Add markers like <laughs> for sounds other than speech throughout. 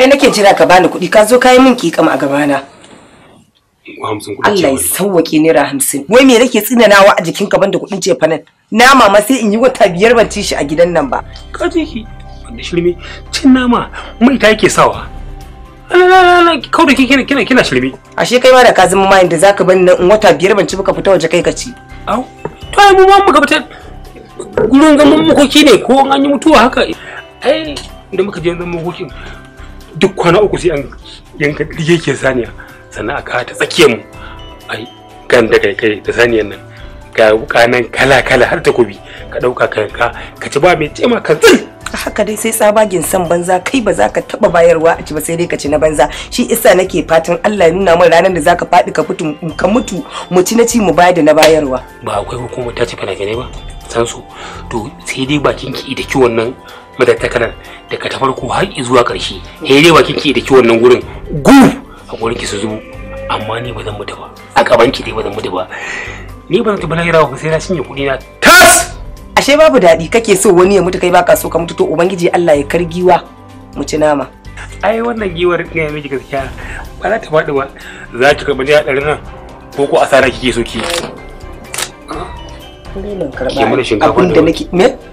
kai nake jira ka bani kuɗi ka zo ka yi min kikam a gabana Allah ya sauwake naira hamsin wai me nake tsinanawa a jikinka banda kuɗin cefanen. Na mama sai in yi wata biyar ban ci shi a gidan nan ba ka ji ki da shirme cin nama mai ta yake sawa kau da kina kina kina shirme ashe kai ma da ka zama mayin da zaka bani nan in wata biyar ban ci baka fita waje kai ka ci au to ai mu ma muka fita gurin ga mun makoki ne ko an yi mutuwa haka ai da muka je zan makokin duk kwana uku sai an yanka ke saniya sannan a ta tsakiyar mu ai gan da kai kai da saniyar nan ga wukanan kala kala har ta kubi ka dauka ka ka ka ci ba mai tema ka haka dai sai tsabagen san banza kai ba za ka taba bayarwa a ci ba sai dai ka ci na banza shi isa nake fatan Allah ya nuna min ranar da zaka fadi ka fitu ka mutu mu ci na ci mu bayar da na bayarwa ba akwai hukuma ta ci gane ba san su to sai dai bakin ki da ki wannan madattakalar daga ta farko har zuwa ƙarshe he eh, dai wa kike da ki wannan gurin gu a gurin ki su zo amma ni ba zan mutu ba a gaban ki dai ba zan mutu ba ni ba zan tabbata gira ba sai na cinye kuɗi na tas ashe babu daɗi kake so wani ya mutu kai baka so ka mutu to ubangiji Allah ya kargiwa mu ci nama ai wannan giwar ne miki gaskiya ba za ta faɗi ba za ki a haɗarin nan ko ko asara kike so ki ki mana shinkafa da me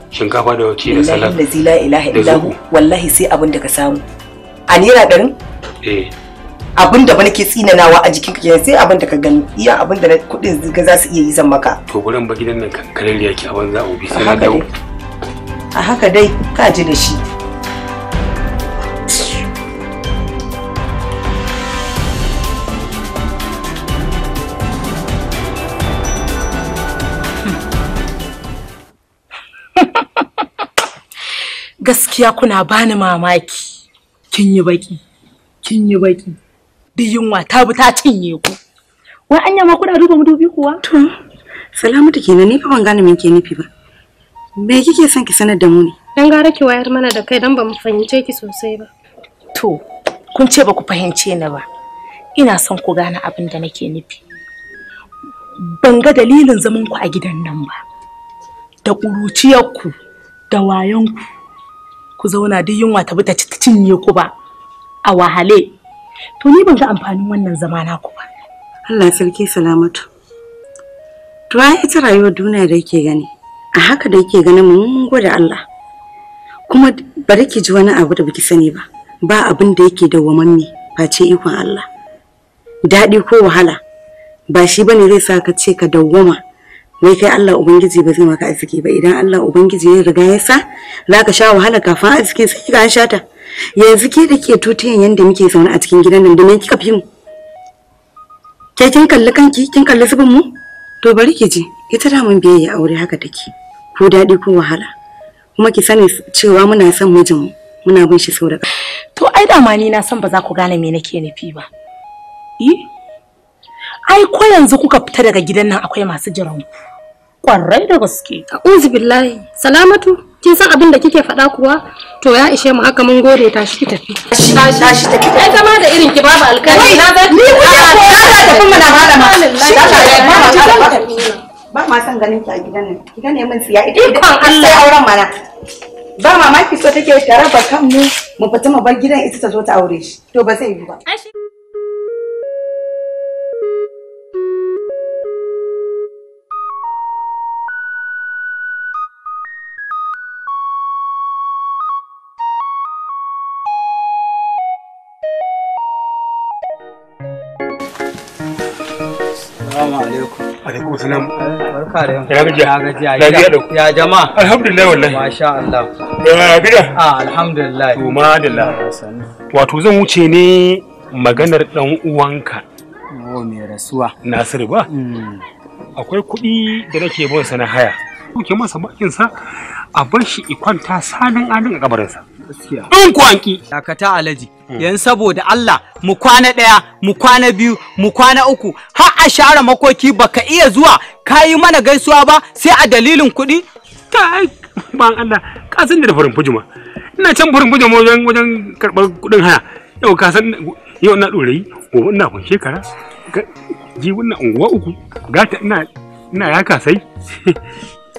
shinkafa da wake da salad zila ilaha illahu wallahi sai abin da ka samu a naira ɗarin eh abin da nake tsinanawa a jikin kenan sai abin da ka gani iya abin da kuɗin ga za su iya yi zan maka to gurin ba gidan nan kankarar yaki a banza bi sai na dawo a haka dai ka ji da shi gaskiya kuna bani mamaki kin yi baki kin yi baki duk wa ta bi ta cinye ku wai anya ma kuna duba mudubi kuwa to salamatu kenan ni fa ban gane min ke nufi ba me kike son ki sanar da mu ne dan gara ki wayar mana da kai dan ba mu fahimce ki sosai ba to kun ce ba ku fahimce ni ba ina son ku gane abin da nake nufi ban ga dalilin zaman ku a gidan nan ba da ƙuruciyarku da wayanku. ku zauna duk yunwa ta ta cinye ku ba a wahale to ni ban ga amfanin wannan zama na ku ba Allah sarki salamatu to ai ita rayuwar duniya da yake gani a haka da yake gani mun gode Allah kuma ba ki ji wani abu da baki sani ba ba abin da yake da wamanni face ikon Allah daɗi ko wahala ba shi bane zai sa ka ce ka dawwama wai kai Allah Ubangiji ba zai maka arziki ba idan Allah Ubangiji ya riga ya sa za ka sha wahala kafin arziki sai ka sha ta yanzu ke da ke tutiyan yanda muke zaune a cikin gidan nan da kika fi mu ke kin kalli kanki kin kalli zubin mu to bari ki je ita da mun biyayya aure haka take ko daɗi ko wahala kuma ki sani cewa muna son mijin mu muna bin shi sau da to ai da ma ni na san ba za ku gane me nake nufi ba eh ai ko yanzu kuka fita daga gidan nan akwai masu jiran ku kwarai da gaske a'udhu billahi salamatu kin san abin da kike faɗa kuwa to ya ishe mu haka mun gode tashi ki tafi tashi tashi tafi ai kama da irin ki babu alkali na ga ni ku ya ko ya tafi mana malama ba ma san ganin ki a gidan nan gidan ne mun siya ita ita Allah auren mana ba mamaki so take ta kan mu mu fita mu bar gidan ita ta zo ta aure shi to ba zai yi ba Usman. Barka Wato zan wuce ne maganar dan uwanka. mai rasuwa. nasir ba. Mm. Akwai kuɗi da nake bin na haya. Kuke masa bakin sa a bar shi ikwanta sanin anin a kabarinsa. in kwanki dakata alaji hmm. yan saboda Allah mu kwana ɗaya mu kwana biyu mu kwana uku har a share makoki baka iya zuwa kayi mana gaisuwa ba sai a dalilin kuɗi kai ban Allah ka san da furin fujuma ina can furin fujuma wajen wajen karɓar kuɗin haya yau ka san yau ina yi gobe ina kun shekara ji wannan unguwa uku gata ina ina ya kasai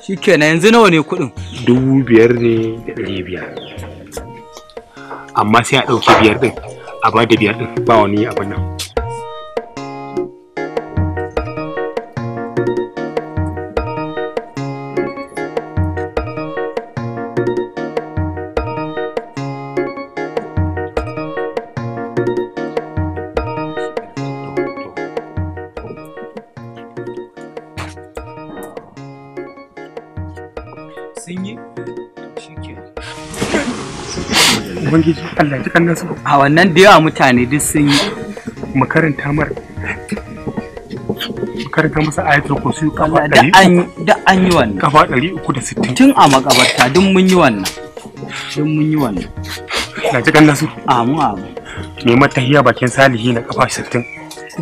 shikenan yanzu nawa ne kuɗin dubu biyar ne da ɗari biyar amma sai a ɗauke biyar ɗin a ba da biyar ɗin ba wani abu nan ubangiji Allah ji kannan su a wannan da yawa mutane duk sun yi mu karanta mar mu karanta masa ayatul kursi kafa 100 da an yi wannan kafa sittin. tun a makabarta duk mun yi wannan duk mun yi wannan na ji kannan su amu amu ne matahiya bakin salihi na kafa sittin.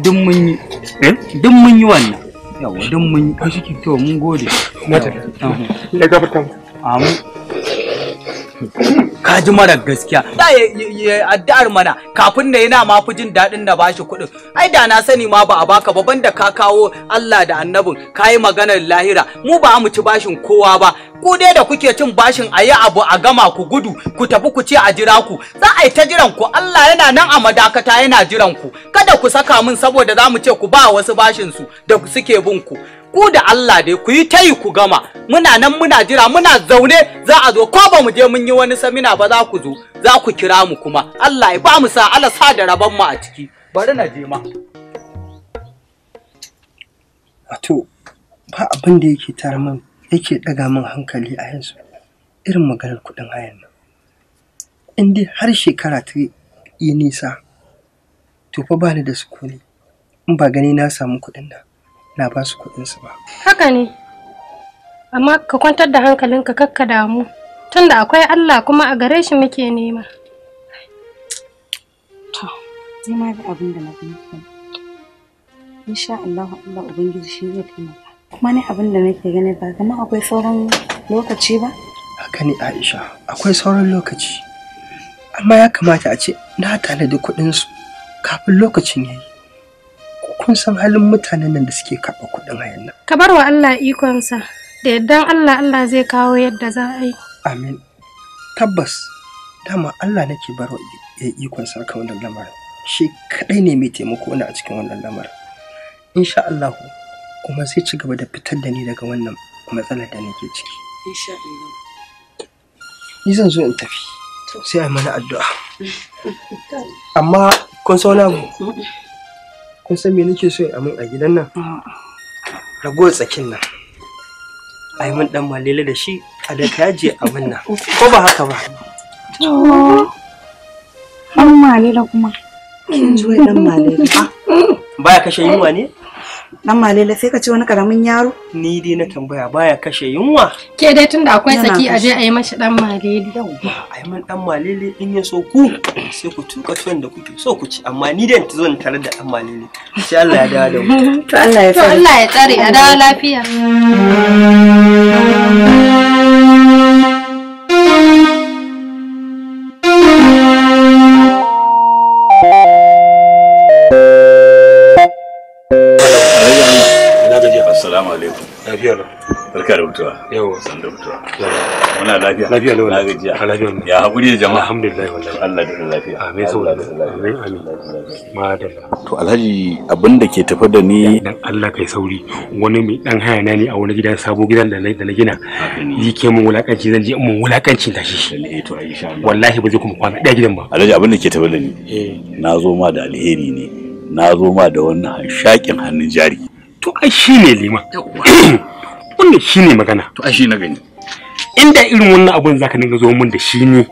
duk mun yi eh duk mun yi wannan yawa duk mun yi kashi to mun gode Na mata ya gabata mu amu ji mara gaskiya da ya addu'ar mana kafin da yana mafi jin daɗin da bashi kuɗin ai da na sani ma ba a baka ba banda ka kawo Allah da annabin ka yi maganar lahira mu ba mu ci bashin kowa ba ku dai da kuke cin bashin a yi abu a gama ku gudu ku tafi ku ce a jira ku za a yi ta jiran ku Allah yana nan a madakata yana jiran ku kada ku saka min saboda za mu ce ku ba wasu bashin su da suke bin ku ku da Allah dai ku yi tayi ku gama muna nan muna jira muna zaune za a zo ko ba mu je mun yi wani samina ba za ku zo za ku kira mu kuma Allah ya ba mu sa Allah sa da raban mu a ciki bari na je ma wato ba abin da yake tar min yake daga min hankali a yanzu irin maganar kuɗin hayan nan in har shekara ta yi nisa to fa ba ni da sukuni in ba gani na samu kuɗin nan na ba su kuɗinsu ba. Haka ne, amma ka kwantar da hankalinka kakka damu, tunda akwai Allah kuma a gare shi muke nema. To, zai ma da abin da na gani. Insha Allah Allah Ubangiji shi zai taimaka. Kuma ne abin da nake gani ba zama akwai sauran lokaci ba? Haka ne Aisha, akwai sauran lokaci. Amma ya kamata a ce na tanadi kuɗinsu kafin lokacin yayi. kun san halin mutanen nan da suke kaɓa kuɗin hayan nan. Ka bar wa Allah ikonsa, da yardan Allah Allah zai kawo yadda za a yi. Amin. Tabbas, dama Allah nake bar wa ikonsa kan wannan lamarin. Shi kaɗai ne mai taimako na a cikin wannan lamarin. Insha Allah kuma zai ci gaba da fitar da ni daga wannan matsalar da nake ciki. Insha Allah. Ni zan zo in tafi. Sai a mana addu'a. Amma kun sauna mu. kun san me nake so a min a gidan nan mm. ragowar tsakin nan ai mun dan malele da shi a da a mun nan ko ba haka ba an malele kuma kin ji wai dan malele baya kashe yunwa ne Dan Malele sai ka ce wani karamin yaro? Ni dai na tambaya baya kashe yunwa. Ke dai tunda akwai saki a je a yi mashi dan Malele. Yau, a yi man dan Malele in ya so ku sai ku tuka tuwon da kuke so ku ci amma ni dai zan tare da dan Malele. Sai Allah ya dawo da mu. To Allah ya tsare. To Allah ya tsare a dawo lafiya. <laughs> lafiya barka da mutuwa yawa san da mutuwa muna lafiya lafiya lawa na gajiya a lafiya ne ya hakuri da jama'a alhamdulillah wallahi Allah da lafiya amin saboda amin amin madalla to alhaji abinda ke tafa da ni dan Allah kai sauri wani mai dan haya na ne a wani gidan sabo gidan da na gina yi ke mun wulakanci zan je mun wulakanci da eh, shi wallahi ba zai kuma kwana daya gidan ba alhaji abinda ke tafa da ni eh. na zo ma da alheri ne na zo ma da wannan shakin hannun jari to ai shi ne liman <clears throat> wannan shi ne magana to ai shi na gani inda irin wannan abun za ka dinga zo mun da shi ne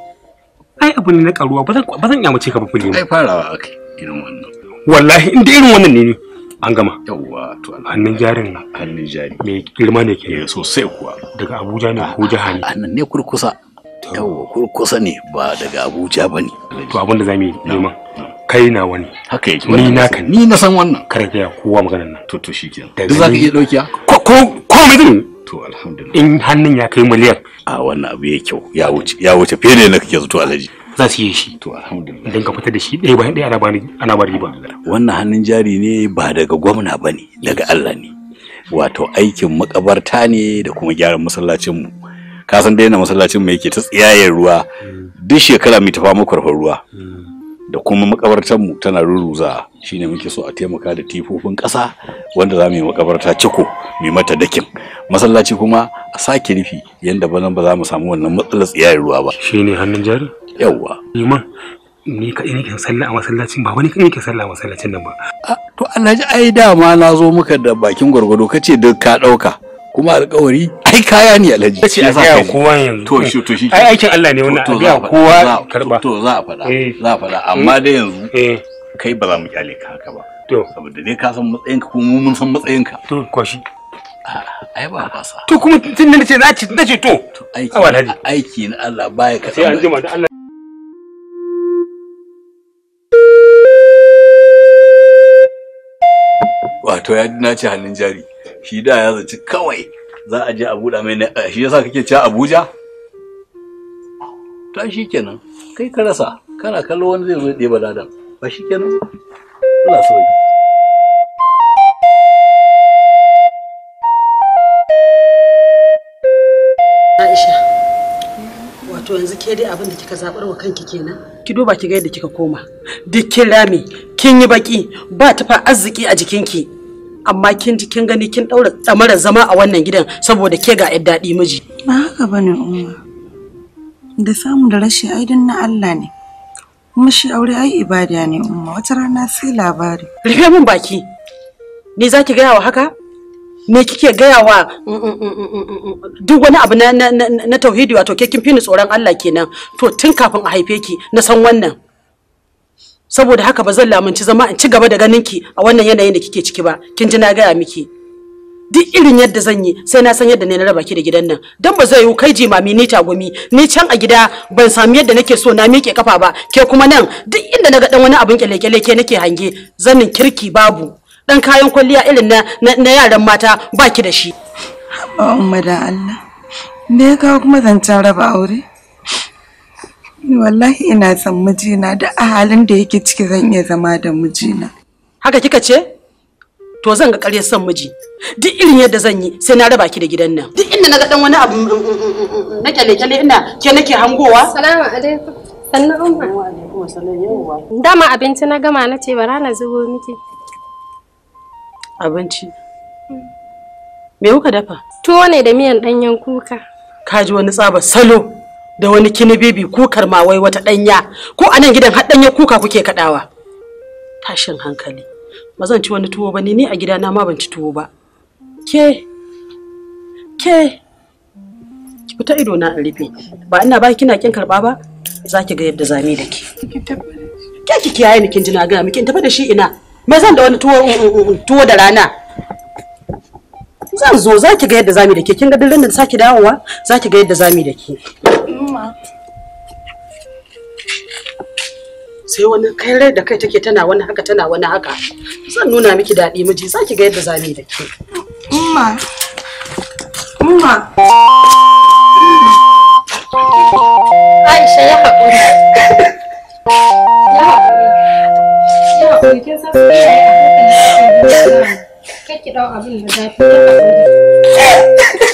ai abu ne na karuwa ba zan ba zan yamace ka ba ku liman ai farawa akai irin wannan wallahi inda irin wannan ne ne an gama yawwa to hannun jarin na hannun jari me girma ne ke eh, sosai kuwa daga abuja ne ko jiha ne annan ah, ne kurkusa yawwa kurkusa ne ba daga abuja bane to abin da zamu yi liman kai na wani haka yake ni naka ni na san wannan kare ga kowa maganar nan to to shikenan duk zaka iya dauki ko ko mutum to alhamdulillah in hannun ya kai miliyan a wannan abu ya kyau ya wuce ya wuce fiye da yadda kake zuwa alhaji za su yi shi to alhamdulillah idan ka fitar da shi ɗaya bayan ɗaya ana bani ana bani riba wannan hannun jari ne ba daga gwamna bane daga Allah ne wato aikin makabarta ne da kuma gyaran masallacin mu ka san na masallacin mu yake ta tsiyayen ruwa hmm. duk shekara mai tafa mu kwarfar ruwa hmm. da kuma makabartar mu tana ruruza shine muke so a taimaka da tifofin ƙasa wanda za mu yi makabarta ciko mai mata dakin masallaci kuma a sake rufi yanda ba ba za mu samu wannan matsalar tsiyayar ruwa ba shine hannun jari yawwa liman ni ka ina kin sallah a masallacin ba wani kin yake sallah a masallacin nan ba to Allah ji ai dama na zo muka da bakin gwargwado kace duk ka dauka kuma alƙawari ai kaya ne alhaji ce a ga kowa yanzu to shi to shi ai aikin Allah ne wannan a ga kowa karba to za a faɗa eh. za a faɗa amma eh. dai yanzu eh. kai ba za mu kyale ka haka ba to saboda ne ka san matsayinka ko mu mun san matsayinka to kwashi ah, ai ba sa to kuma tun da nace nace ce to aiki aiki na Allah baya ka sai an jima da Allah wato ya ce hannun jari shi da ya zaci kawai za a je a buɗa mai na eh, shi yasa kake cewa Abuja ta shi kenan kai ka rasa kana kallo wani zai zo ya ɗeba ladan ba shi kenan Allah so Aisha wato yanzu ke dai abin da kika zabar wa kanki kenan ki duba ki ga yadda kika koma duk kin kin yi baki ba tafa arziki a jikinki amma kin ji kin gani kin daura tsamarar zama a wannan gidan saboda ke ga yadda daɗi miji ba haka bane umma da samu da rashi ai na Allah ne kuma shi aure ai ibada ne umma wata rana sai labari rufe min baki ni zaki gaya wa haka me kike gaya wa mm, mm, mm, duk wani abu na tauhidi wato ke kin ni tsoron Allah kenan to tun kafin a haife ki na san wannan saboda haka ba zan lamunci zama in ci gaba da ganin ki a wannan yanayin da kike ciki ba kin ji na gaya miki duk irin yadda zan yi sai na san yadda ne na raba ki da gidan nan dan ba zai yiwu kai jimami ni tagumi ni can a gida ban sami yadda nake so na miƙe kafa ba ke kuma nan duk inda na ga dan wani abin kyalekyale ke nake hange zanin kirki babu dan kayan kwalliya irin na na yaran mata baki da shi umma Allah me ya kawo kuma zancen raba aure wallahi ina son mijina da a halin da yake ciki zan iya zama da mijina haka kika ce to zan ga ƙarya son miji duk irin yadda zan yi sai na raba ki da gidan nan duk inda naga dan wani abu mm, mm, mm, na kyale-kyale ina ke nake hangowa salamu alaikum sannu umma wa alaikum dama abinci na gama na ce bara na zubo miki abinci me kuka dafa tuwo ne da miyan danyen kuka kaji wani tsaba salo da wani kini bibi kukar ma wai wata danya ko anan gidan har danya kuka kuke kadawa tashin hankali ba zan ci wani tuwo ba ni ni a gidana ma ban ci tuwo ba ke ke ki fita ido na rufe ba ina ba kina kin karba ba za ki ga yadda zame da ke ke ki kiyaye ni kin jina ga miki in tafi da shi ina me zan da wani tuwo mm, mm, mm, tuwo da rana zan zo za ki ga yadda zame da ke kin ga dillin da saki dawowa za ki ga yadda zame da ke sai wani rai da kai take tana wani haka tana wani haka zan nuna miki daɗi miji za ki ga yadda za yi da ke umma umma aisha ya haƙuri ya haƙuri ya haƙuri ki ɗau abin da zafi ya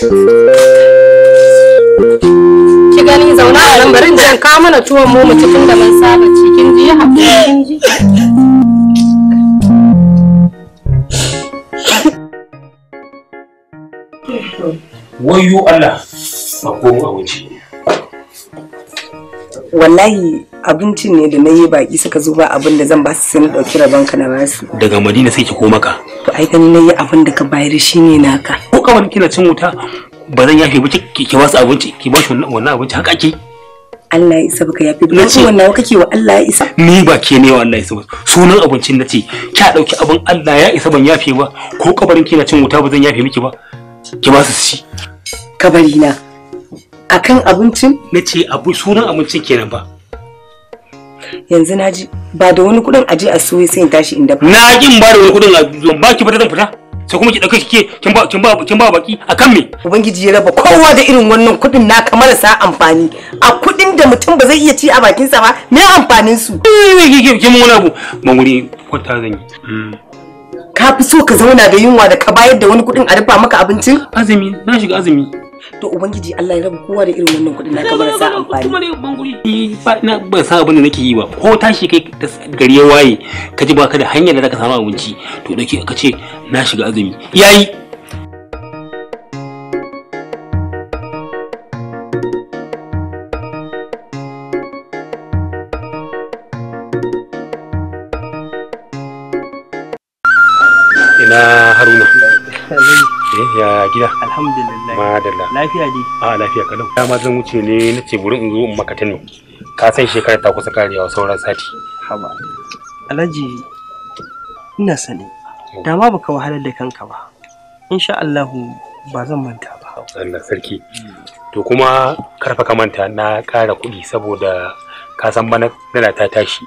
haƙuri ki gani zauna a nan barin jan ka mana tuwon mu cikin da mun saba cikin ji ya haƙuri kin ji wayo Allah ba komo abinci wallahi abincin ne da na yi baki suka zo ba abin da zan ba su sai na ɗauki rabon ka na basu daga madina sai ki koma ka to ai gani na yi abin da ka bayar ne naka ko kawai kina cin wuta ba zan yafe bace ki ba su abinci ki ba shi wannan abinci haka ake Allah ya isa baka yafe ba ce. wannan kake wa Allah ya isa ni ba ke ne wa Allah ya isa ba sunan abincin nace kya dauki abin Allah ya isa ban yafe ba ko kabarin kina cin wuta ba zan yafe miki ba ki ba su ci kabari na akan abincin nace abu sunan abincin kenan ba yanzu naji ba da wani kudin aje a soye sai in tashi in ba. na kin ba da wani kudin a ba ki ba zan fita sai kuma ki dauka ki kin ba kin ba kin ba baki akan me ubangiji ya raba kowa da irin wannan kudin na kamar sa amfani a kudin da mutum ba zai iya ci a bakin sa ba me amfanin su mun kwata zan yi mm. ka fi so ka zauna da yunwa da ka bayar da wani kudin a rufa maka abincin azumi na shiga azumi to ubangiji Allah ya raba kowa da irin wannan kuɗin na kamar sa amfani kuma ne banguri na ban sa abin da nake yi ba ko tashi kai gari ya waye ka ji baka da hanyar da zaka samu abinci to dake ka ce na shiga azumi yayi ya gida alhamdulillah madalla lafiya dai a lafiya kalau ma zan wuce ne na ce burin in zo in maka tano ka san shekara ta kusa karewa sauran sati haba alhaji ina sani da ma baka wahalar da kanka ba insha Allah ba zan manta ba Allah sarki to kuma karfa ka manta na ƙara kuɗi saboda ka san bana na ta tashi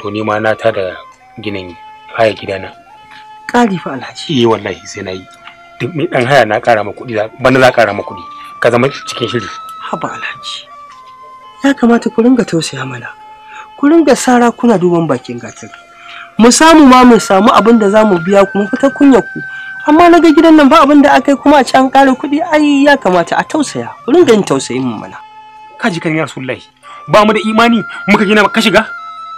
to ni ma na ta da ginin haya gidana ƙari fa alhaji eh wallahi sai na yi dan haya na kara ma kuɗi bana za kara ma kuɗi ka zama cikin shiri haba alhaji ya kamata ku ringa tausaya mana ku ringa sara kuna duban bakin gatar mu samu ma mu samu abin da zamu biya kuma fita kunya ku amma na ga gidan nan ba abin da aka yi kuma a can an kara kuɗi ai ya kamata a tausaya ku ringa yin tausayin mu mana ka ji kan ya rasulullahi ba mu da imani muka gina ka shiga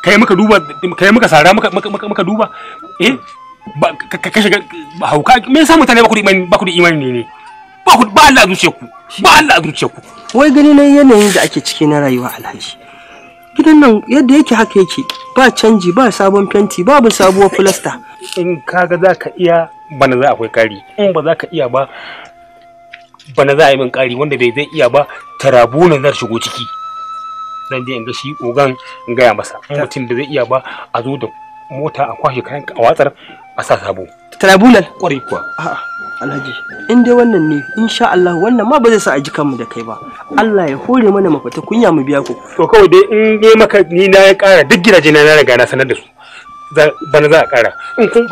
kai muka duba kai muka sara muka muka duba eh ka kashe hauka me yasa mutane ba ku da imani ba ku da imani ne ba ku ba Allah zuciya ku ba Allah zuciya ku wai gani ne yanayin da ake ciki na rayuwa alhaji gidan nan yadda yake haka yake ba canji ba sabon fenti babu sabuwar filasta in kaga za ka iya bana za akwai kari in ba za ka iya ba bana za a yi min kari wanda bai zai iya ba tarabu na zar shigo ciki zan je in ga shi ogan in gaya masa mutum da zai iya ba a zo da mota a kwashe kayan a watsar a sa sabo tribunal kwarai kuwa a'a alhaji in dai wannan ne insha Allah wannan ma ba zai sa a ji da kai ba Allah ya hore mana mafita kunya mu biya ku to kawai dai in dai maka ni na ya kara duk gidaje na riga na sanar da su bana za a kara in kun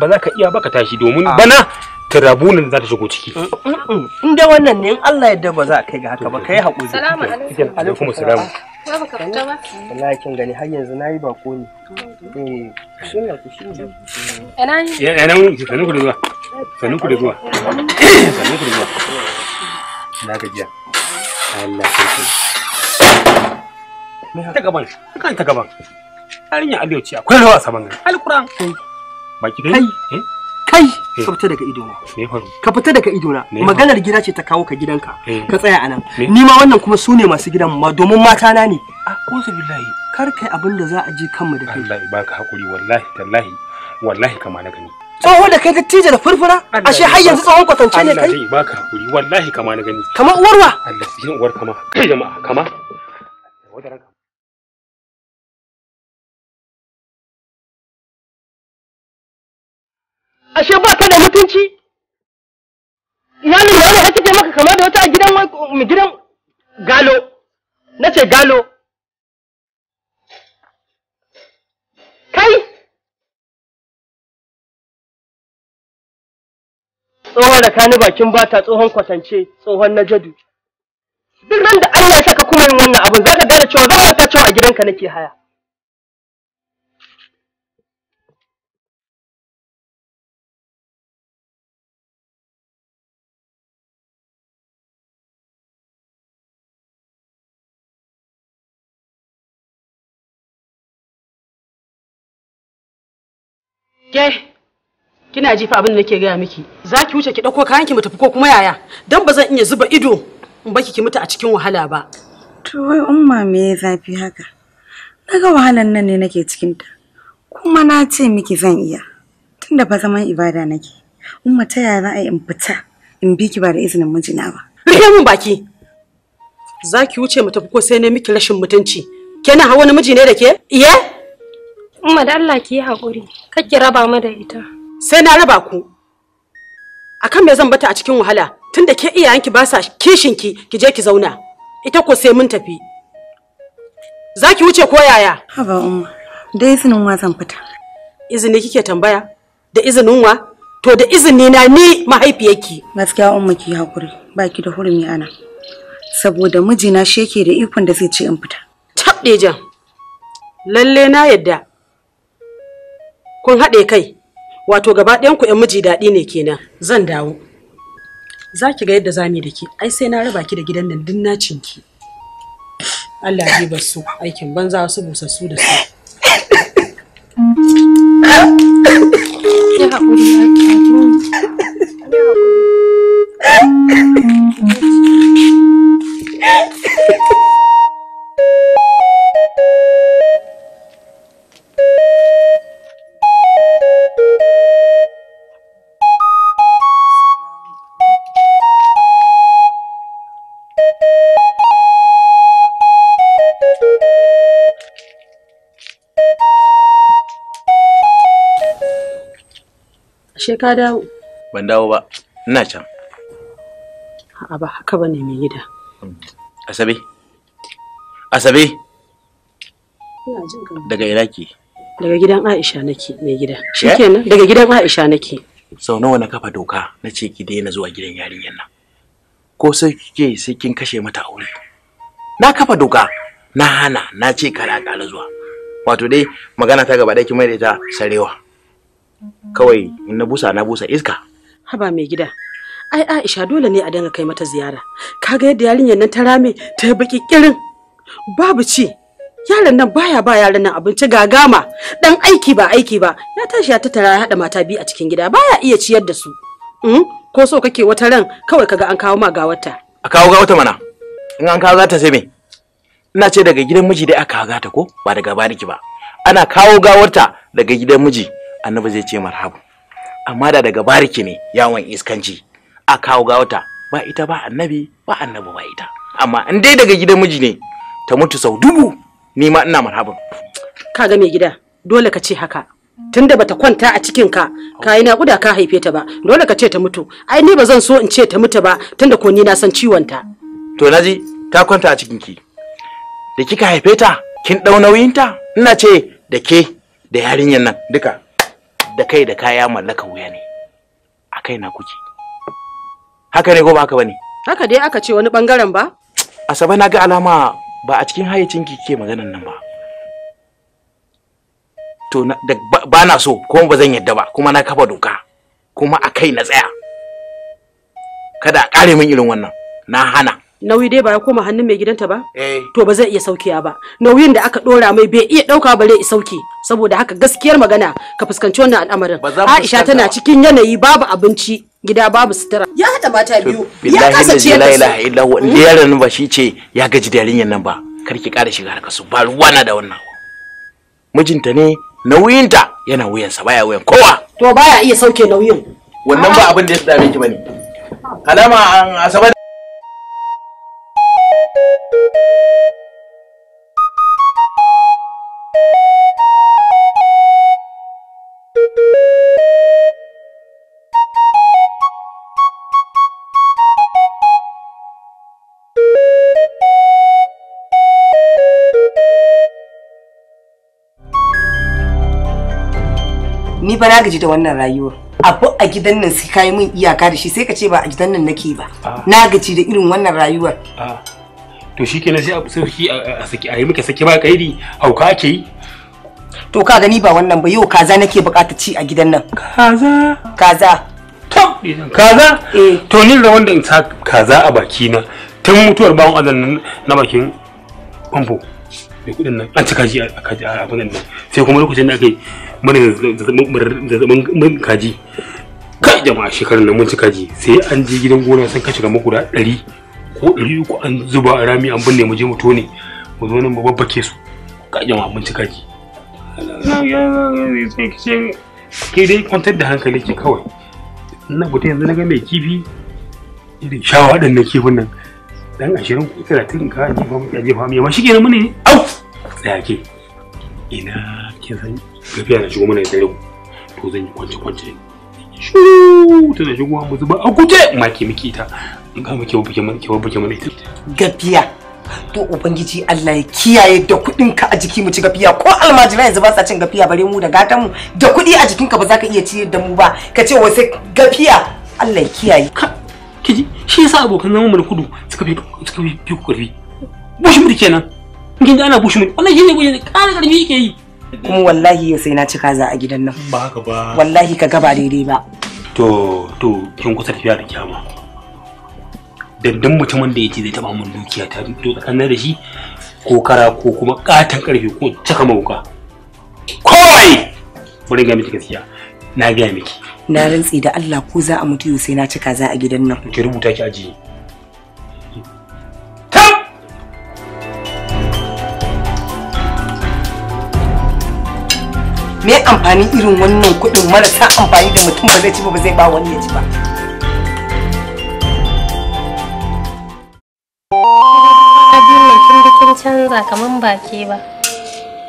ba za ka iya baka tashi domin bana turabunin za ta shigo ciki. Eh, mm, mm, in dai wannan ne in Allah yadda ba za a kai ga haka ba kai haƙuri. Salamu alaikum. Salamu alaikum. Wallahi kin gani har yanzu nayi bako ne. Eh, sunna ku shi ne. Ina ni. Ina sanin ku da zuwa. Sanin ku da zuwa. Sanin ku da zuwa. Na gajiya. Allah sarki. Me ta gaban? Kan ta gaban. Arinya Aliyu ce akwai rawa saban gari. Alquran. Baki dai. Eh? kai eh. ka fita daga idona ka fita daga idona maganar gida ce ta kawo ka gidanka eh. ka tsaya anan ni ma wannan kuma su masu gidan ma domin mata na ne a billahi kar kai abin da za je kanmu da kai tsoho da kai dattijo da furfura ashe har yanzu tsohon kwatance ne kai Allah baka uwarwa ashe ba ka da mutunci iyalin yaro ya take maka kama da wata a gidan gidan galo na ce galo kai tsohon da kani bakin bata tsohon kwatance tsohon na jadu duk ran da Allah ya saka kuma yin wannan abin zaka gane cewa zan ta cewa a gidanka nake haya Ke, kina jifa abin da nake gaya miki, za ki wuce ki ɗauko kayanki ki tafi ko kuma yaya, don ba zan iya zuba ido in baki ki mutu a cikin wahala ba. To wai umma me ya zafi haka? Daga wahalan nan ne nake cikinta, kuma na ce miki zan iya, tunda fa zaman ibada nake. Umma ta yaya za a yi in fita in bi ki ba da izinin mijina ba. Rike min baki. Za ki wuce mu tafi ko sai ne miki rashin mutunci. Kena hawa namiji ne da ke? Iye? Umma da Allah ki yi haƙuri, kar ki raba mu da ita. Sai na raba ku. Akan me zan bata a cikin wahala? Tunda ke iyayenki ba sa kishinki, ki je ki zauna. Ita ko sai mun tafi. Za ki wuce ko yaya? Haba umma, da izinin wa zan fita. Izini kike tambaya? Da izinin wa? To da izini na ni mahaifiyarki. Gaskiya umma ki haƙuri, ba ki da hurumi ana. Saboda mijina shi yake da ikon da zai ce in fita. Tabɗe jan. Lalle na yadda kun haɗe kai wato gaba ɗayan ku 'yan miji daɗi ne kenan zan dawo za ki ga yadda za mu da ke ai sai na raba ki da gidan nan din na ki. Allah ya basu su aikin banza su busa su da su ya haƙuri ya haƙuri ashe ka dawo ban dawo ba ina can a'a ba haka bane mai gida hmm. asabe asabe daga ina ke daga gidan aisha nake mai gida eh? shikenan daga gidan aisha nake sau nawa na kafa doka na ce ki daina zuwa gidan yarinyar nan ko sai kike sai kin kashe mata aure na kafa doka na hana na ce kara kala zuwa wato dai magana ta gaba ɗaya ki mai da ita sarewa kawai in na busa na busa iska haba mai gida ai aisha dole ne a dinga kai mata ziyara kaga yadda yarinyar nan ta rame ta yi baki kirin babu ci yaron nan baya ba yaron nan abinci gagama dan aiki ba aiki ba ya tashi ya tattara ya hada mata biyu a cikin gida baya iya ciyar da su hmm? ko so kake wata ran kawai kaga an kawo ma gawarta a kawo gawarta mana in an kawo gata sai me ina ce daga gidan miji dai aka kawo gata ko ba daga bariki ba ana kawo gawarta daga gidan miji annabi zai ce marhabu amma da daga bariki ne yawon iskanci a kawo ga wata ba ita ba annabi ba annabi ba ita amma in dai daga gidan miji ne ta mutu sau dubu ni ma ina marhabu ka ga mai gida dole ka ce haka tunda bata kwanta a cikin ka ka yi naƙuda ka haife ta ba dole ka ce ta mutu ai ni ba zan so in ce ta mutu ba tunda ko ni na san ciwon ta to naji ta kwanta a cikin ki da kika haife ta kin dau nauyin ta ina ce da ke da yarinyar nan duka da kai da kaya mallaka wuya ne a kai na kuke haka ne ko ba haka bane haka dai aka ce wani bangaren ba asabe na ga alama ba a cikin hayyacin ki ke maganan nan ba to ba na so kuma ba zan yadda ba kuma na kafa doka kuma a kai na tsaya kada a kare min irin wannan na hana nauyi dai ba ya koma hannun mai gidanta ba eh. to ba zai iya saukiya ba nauyin da aka dora mai bai iya dauka bare i sauki saboda haka gaskiyar magana ka fuskanci wannan al'amarin Aisha tana cikin yanayi babu abinci gida babu sutura ya hada mata biyu ya kasa ciyar da su inda yaron ba shi ce ya gaji da yarinyan nan ba kar ki kara shiga harkar su ba na da wannan mijinta ne nauyinta yana wuyansa baya wuyan kowa to baya iya sauke nauyin wannan ba abin da ya dame ki bane kalama asabar ni na gaji da wannan rayuwar abu a gidan nan sai kayi min iyaka da shi sai ka ce ba a gidan nan nake ba ah. na gaji da irin wannan rayuwar ah. to shikenan sai a sauki a saki a yi maka saki ba kaidi hauka ake yi to ka gani ba wannan ba yau kaza nake bukata ci a gidan nan kaza kaza kaza eh. to ni da wanda in sa kaza a baki na tun mutuwar bawon azan na bakin famfo mai kudin nan an cika ji a abin nan sai kuma lokacin da aka yi mana zazzabin kaji kai jama'a shekarun nan mun ci kaji sai an je gidan gona sun kashe gama guda ɗari ko ɗari uku an zuba rami an binne mu je mu tone mu zo nan mu babbake su kai jama'a mun ci kaji ke dai kwantar da hankali ke kawai na fita yanzu na ga mai kifi irin shawa ɗin na kifin nan dan ashirin ko talatin ka jefa mu ya jefa mu ya ma shi kenan mu ne au tsaya ke ina kin san tafiya na shigo mana ya tsare to zan yi kwance-kwance shu tana shigowa mutu ba a kuce ma ke miki ita in ka muke wabuke mana ke wabuke mana ita gafiya to ubangiji Allah ya kiyaye da kudin ka a jiki mu ci gafiya ko almajira yanzu ba sa cin gafiya bare mu da gatan mu da kudi a jikin ka ba za ka iya ci da mu ba ka ce wai sai gafiya Allah ya kiyaye kiji shi yasa abokan namu da kudu suka fi suka fi kurfi bushin mu kenan kin ji ana bushin mu wannan shine bushin ƙara garbi yake yi kuma wallahi ya sai na ci kaza a gidan nan ba haka ba wallahi ka gaba daidai ba to to kin kusa tafiya da kyama dandan mutumin da yake zai taba mun dukiya ta to tsakanin da shi ko kara ko kuma katan karfe ko caka mauka kowai bari ga miki gaskiya na ga miki na rantsi da Allah ko za a mutu sai na ci kaza a gidan nan ki rubuta ki ajiye me amfani irin wannan kuɗin marasa amfani da mutum ba zai ci ba ba zai ba wani ya ci ba kin canza kaman baki ba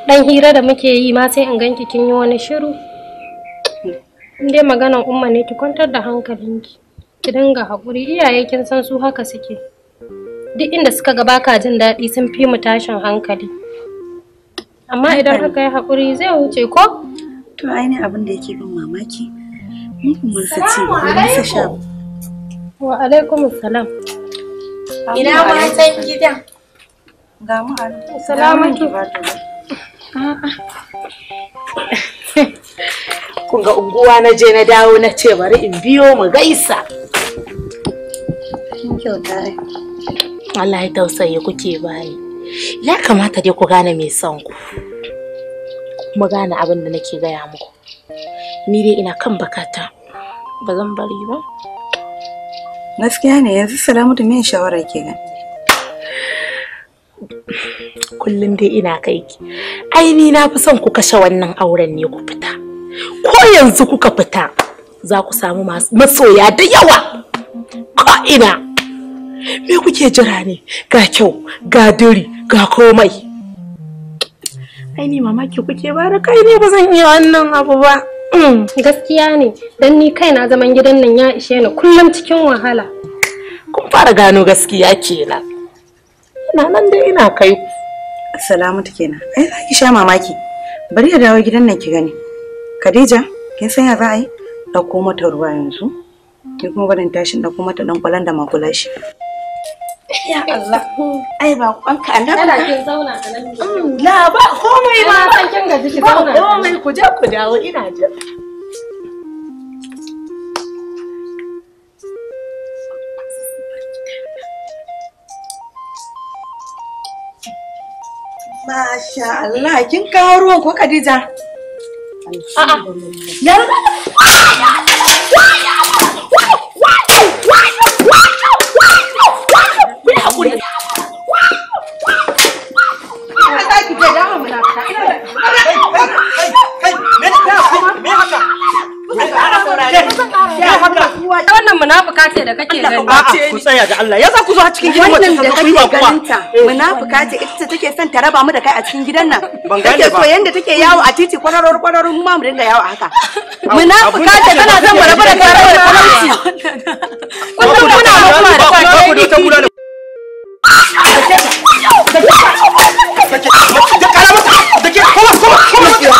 dan hira da muke yi ma sai in ganki kin yi wani shiru dai maganan umma ne ki kwantar da hankalinki ki dinga haƙuri iyaye kin san su haka suke duk inda suka ga baka jin daɗi sun fi mu tashin hankali amma idan aka yi haƙuri zai wuce ko to ainihin abin da yake bin mamaki mun kuma sa mun sa sha wa alaikum salam ina matan gidan ga mu salamatu kun ga unguwa na je na dawo na ce bari in biyo mu gaisa Allah ya tausaye kuke bayi. ya kamata dai ku gane mai son ku kuma gane abin da nake gaya muku ni dai ina kan bakata ba zan bari ba gaskiya ne yanzu salamu da min shawara ke nan kullum dai ina kai ki ai ni na fi son ku kashe wannan auren ne ku fita ko yanzu kuka fita za ku samu masoya da yawa ko ina me kuke jira ne ga kyau ga duri ga komai ai ni mamaki kuke bara kai ne ba zan iya wannan abu ba mm, gaskiya ne dan ni kaina zaman gidan nan ya ishe ni kullum cikin wahala kun fara gano gaskiya kenan ina nan dai ina kai ku salamatu kenan ai za ki sha mamaki bari ya dawo gidan nan ki gani khadija kin san ya za a yi ɗauko mata ruwa yanzu ki kuma barin tashin ɗauko mata ɗan kwalan da makulashi Ya Allah. Ai ba kwanka ka nan. Kada kin zauna a nan. Mm, la ba komai ba. Ba kin gaji ki zauna. Ba komai ku je ku dawo ina jira. Masha Allah, kin kawo ruwan ko Khadija? A'a. Ya ta wannan munafuka ce da kake gani ku tsaya Allah yasa ku zo a cikin gidan mace da kake ganinta munafuka ce ita take son ta raba mu da kai a cikin gidan nan ban gane ba yanda take yawo a titi kwararor kwararor mu ma mu dinga yawo haka munafuka ce tana son mu raba da kai da talauci kullum muna mutuwa da kai Da Da ke kuma kuma kuma kuma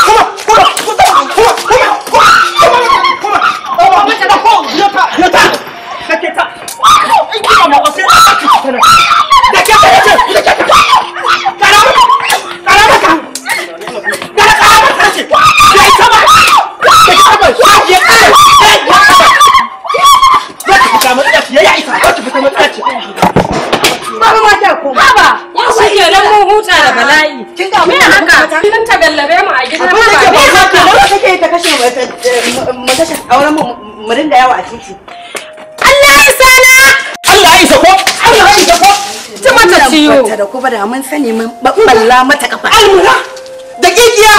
kuma kuma kuma nan da ke da ke da ke karama karama ka da karama ka ce da ita ba da ita ba ya ya ya ya fita matsaci ya isa za ki fita matsaci baba ma ta koma baba shi ke nan mun huta da bala'i kin ga mun haka kin ta gallabe mu a gidan ba ba ta kake ta kashe mu ta auren mu mu dinga yawa a titi bari da ko ta mata da ko ba da mun sani mun balla mata kafa almura da kikiya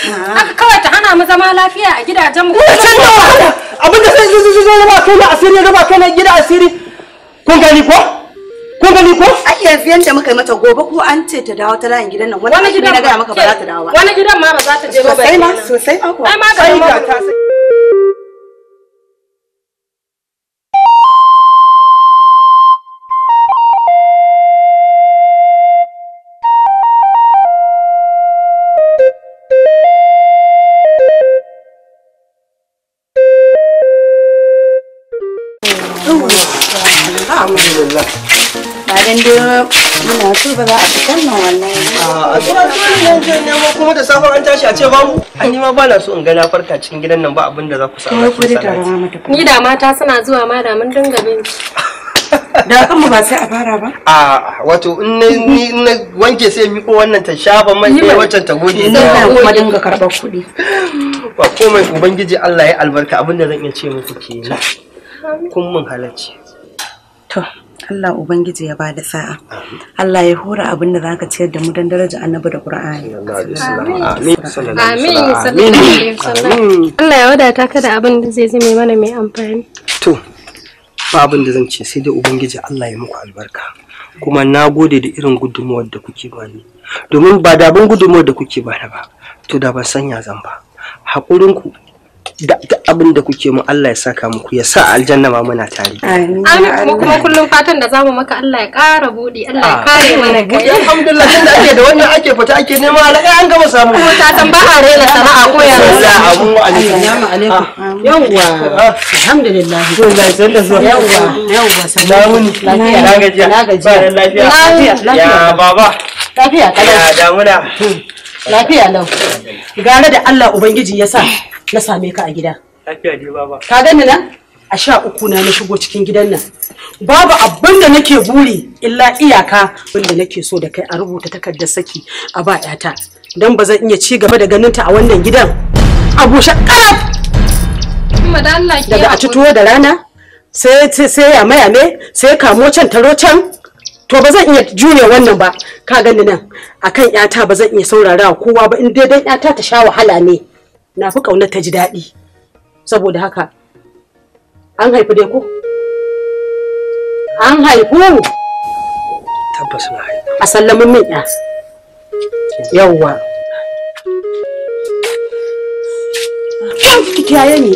aka ah. kawai ta hana mu zama lafiya a gidajen mu kuma can da wahala abin da sai zo zo ba kai asiri ba kai gida asiri kun gani ko kun gani ko a yanzu yanda muka yi mata gobe ko an ce ta dawo ta layin gidan nan wani gidan ba za ta dawo ba wani gidan ma ba za ta je ba ma sosai ma ko ga ta alhamdulillah ba dan dai muna so ba za a fitar nan wannan a kuma nan zai nemo kuma da safar an tashi a ce babu an yi ma ba na so in ga na farka cikin gidan nan ba abin da za ku samu ku da ni da mata suna zuwa ma da mun dinga bin <laughs> da kanmu ba sai a fara ba a wato in na wanke sai mi ko wannan ta shafa mai sai wancan ta gode sai ta kuma dinga karɓar kuɗi ba komai ubangiji Allah ya albarka abinda zan iya ce muku kenan kun mun halarci To, Allah Ubangiji ya bada sa'a. Allah ya hura abin da zaka ciyar da mu dan daraja Annabi da Qur'ani. Amin. Amin. Allah ya wadata ka da abin da zai zame mana mai amfani. To, ba abin da zan ce sai dai Ubangiji Allah ya muku albarka. Kuma na gode da irin gudunmuwar da kuke bani. Domin ba da abin gudunmuwar da kuke bani ba, to da ban sanya zan ba. Hakurinku da abin da kuke mu Allah ya saka muku ya sa aljanna ma muna tare amin kuma kullum fatan da zamu maka Allah ya ƙara buɗi Allah ya kare mana gari. alhamdulillah tun da ake da wannan ake fita ake nema alaƙa an gama samu ko ta san ba a rena sana'a ko ya rasa amu alaikum alaikum ah. yawwa ah. alhamdulillah to ga san da zuwa yawwa yawwa salamu lafiya na gajiya na gajiya lafiya lafiya ya baba lafiya ya damuna hmm. Lafiya lau. Gare da Allah Ubangiji ya sa na same ka a gida. Lafiya ne baba. Ka gani nan? A sha uku na na shigo cikin gidan nan. Babu abin da nake buri illa iyaka wanda nake so da kai a rubuta takardar saki a ba ƴata. Dan ba zan iya ci gaba da ganin ta a wannan gidan. A bushe ƙaraf. Daga a da rana. Sai sai ya maya ne, sai kamo can taro can. to ba zan iya jure wannan ba ka gani nan akan yata ba zan iya saurara kowa ba in dai dan yata ta sha wahala ne na fi kauna ta ji daɗi saboda haka an haifi dai ko an haifu tabbas na haifu a sallamin min ya yawwa kiyaye ne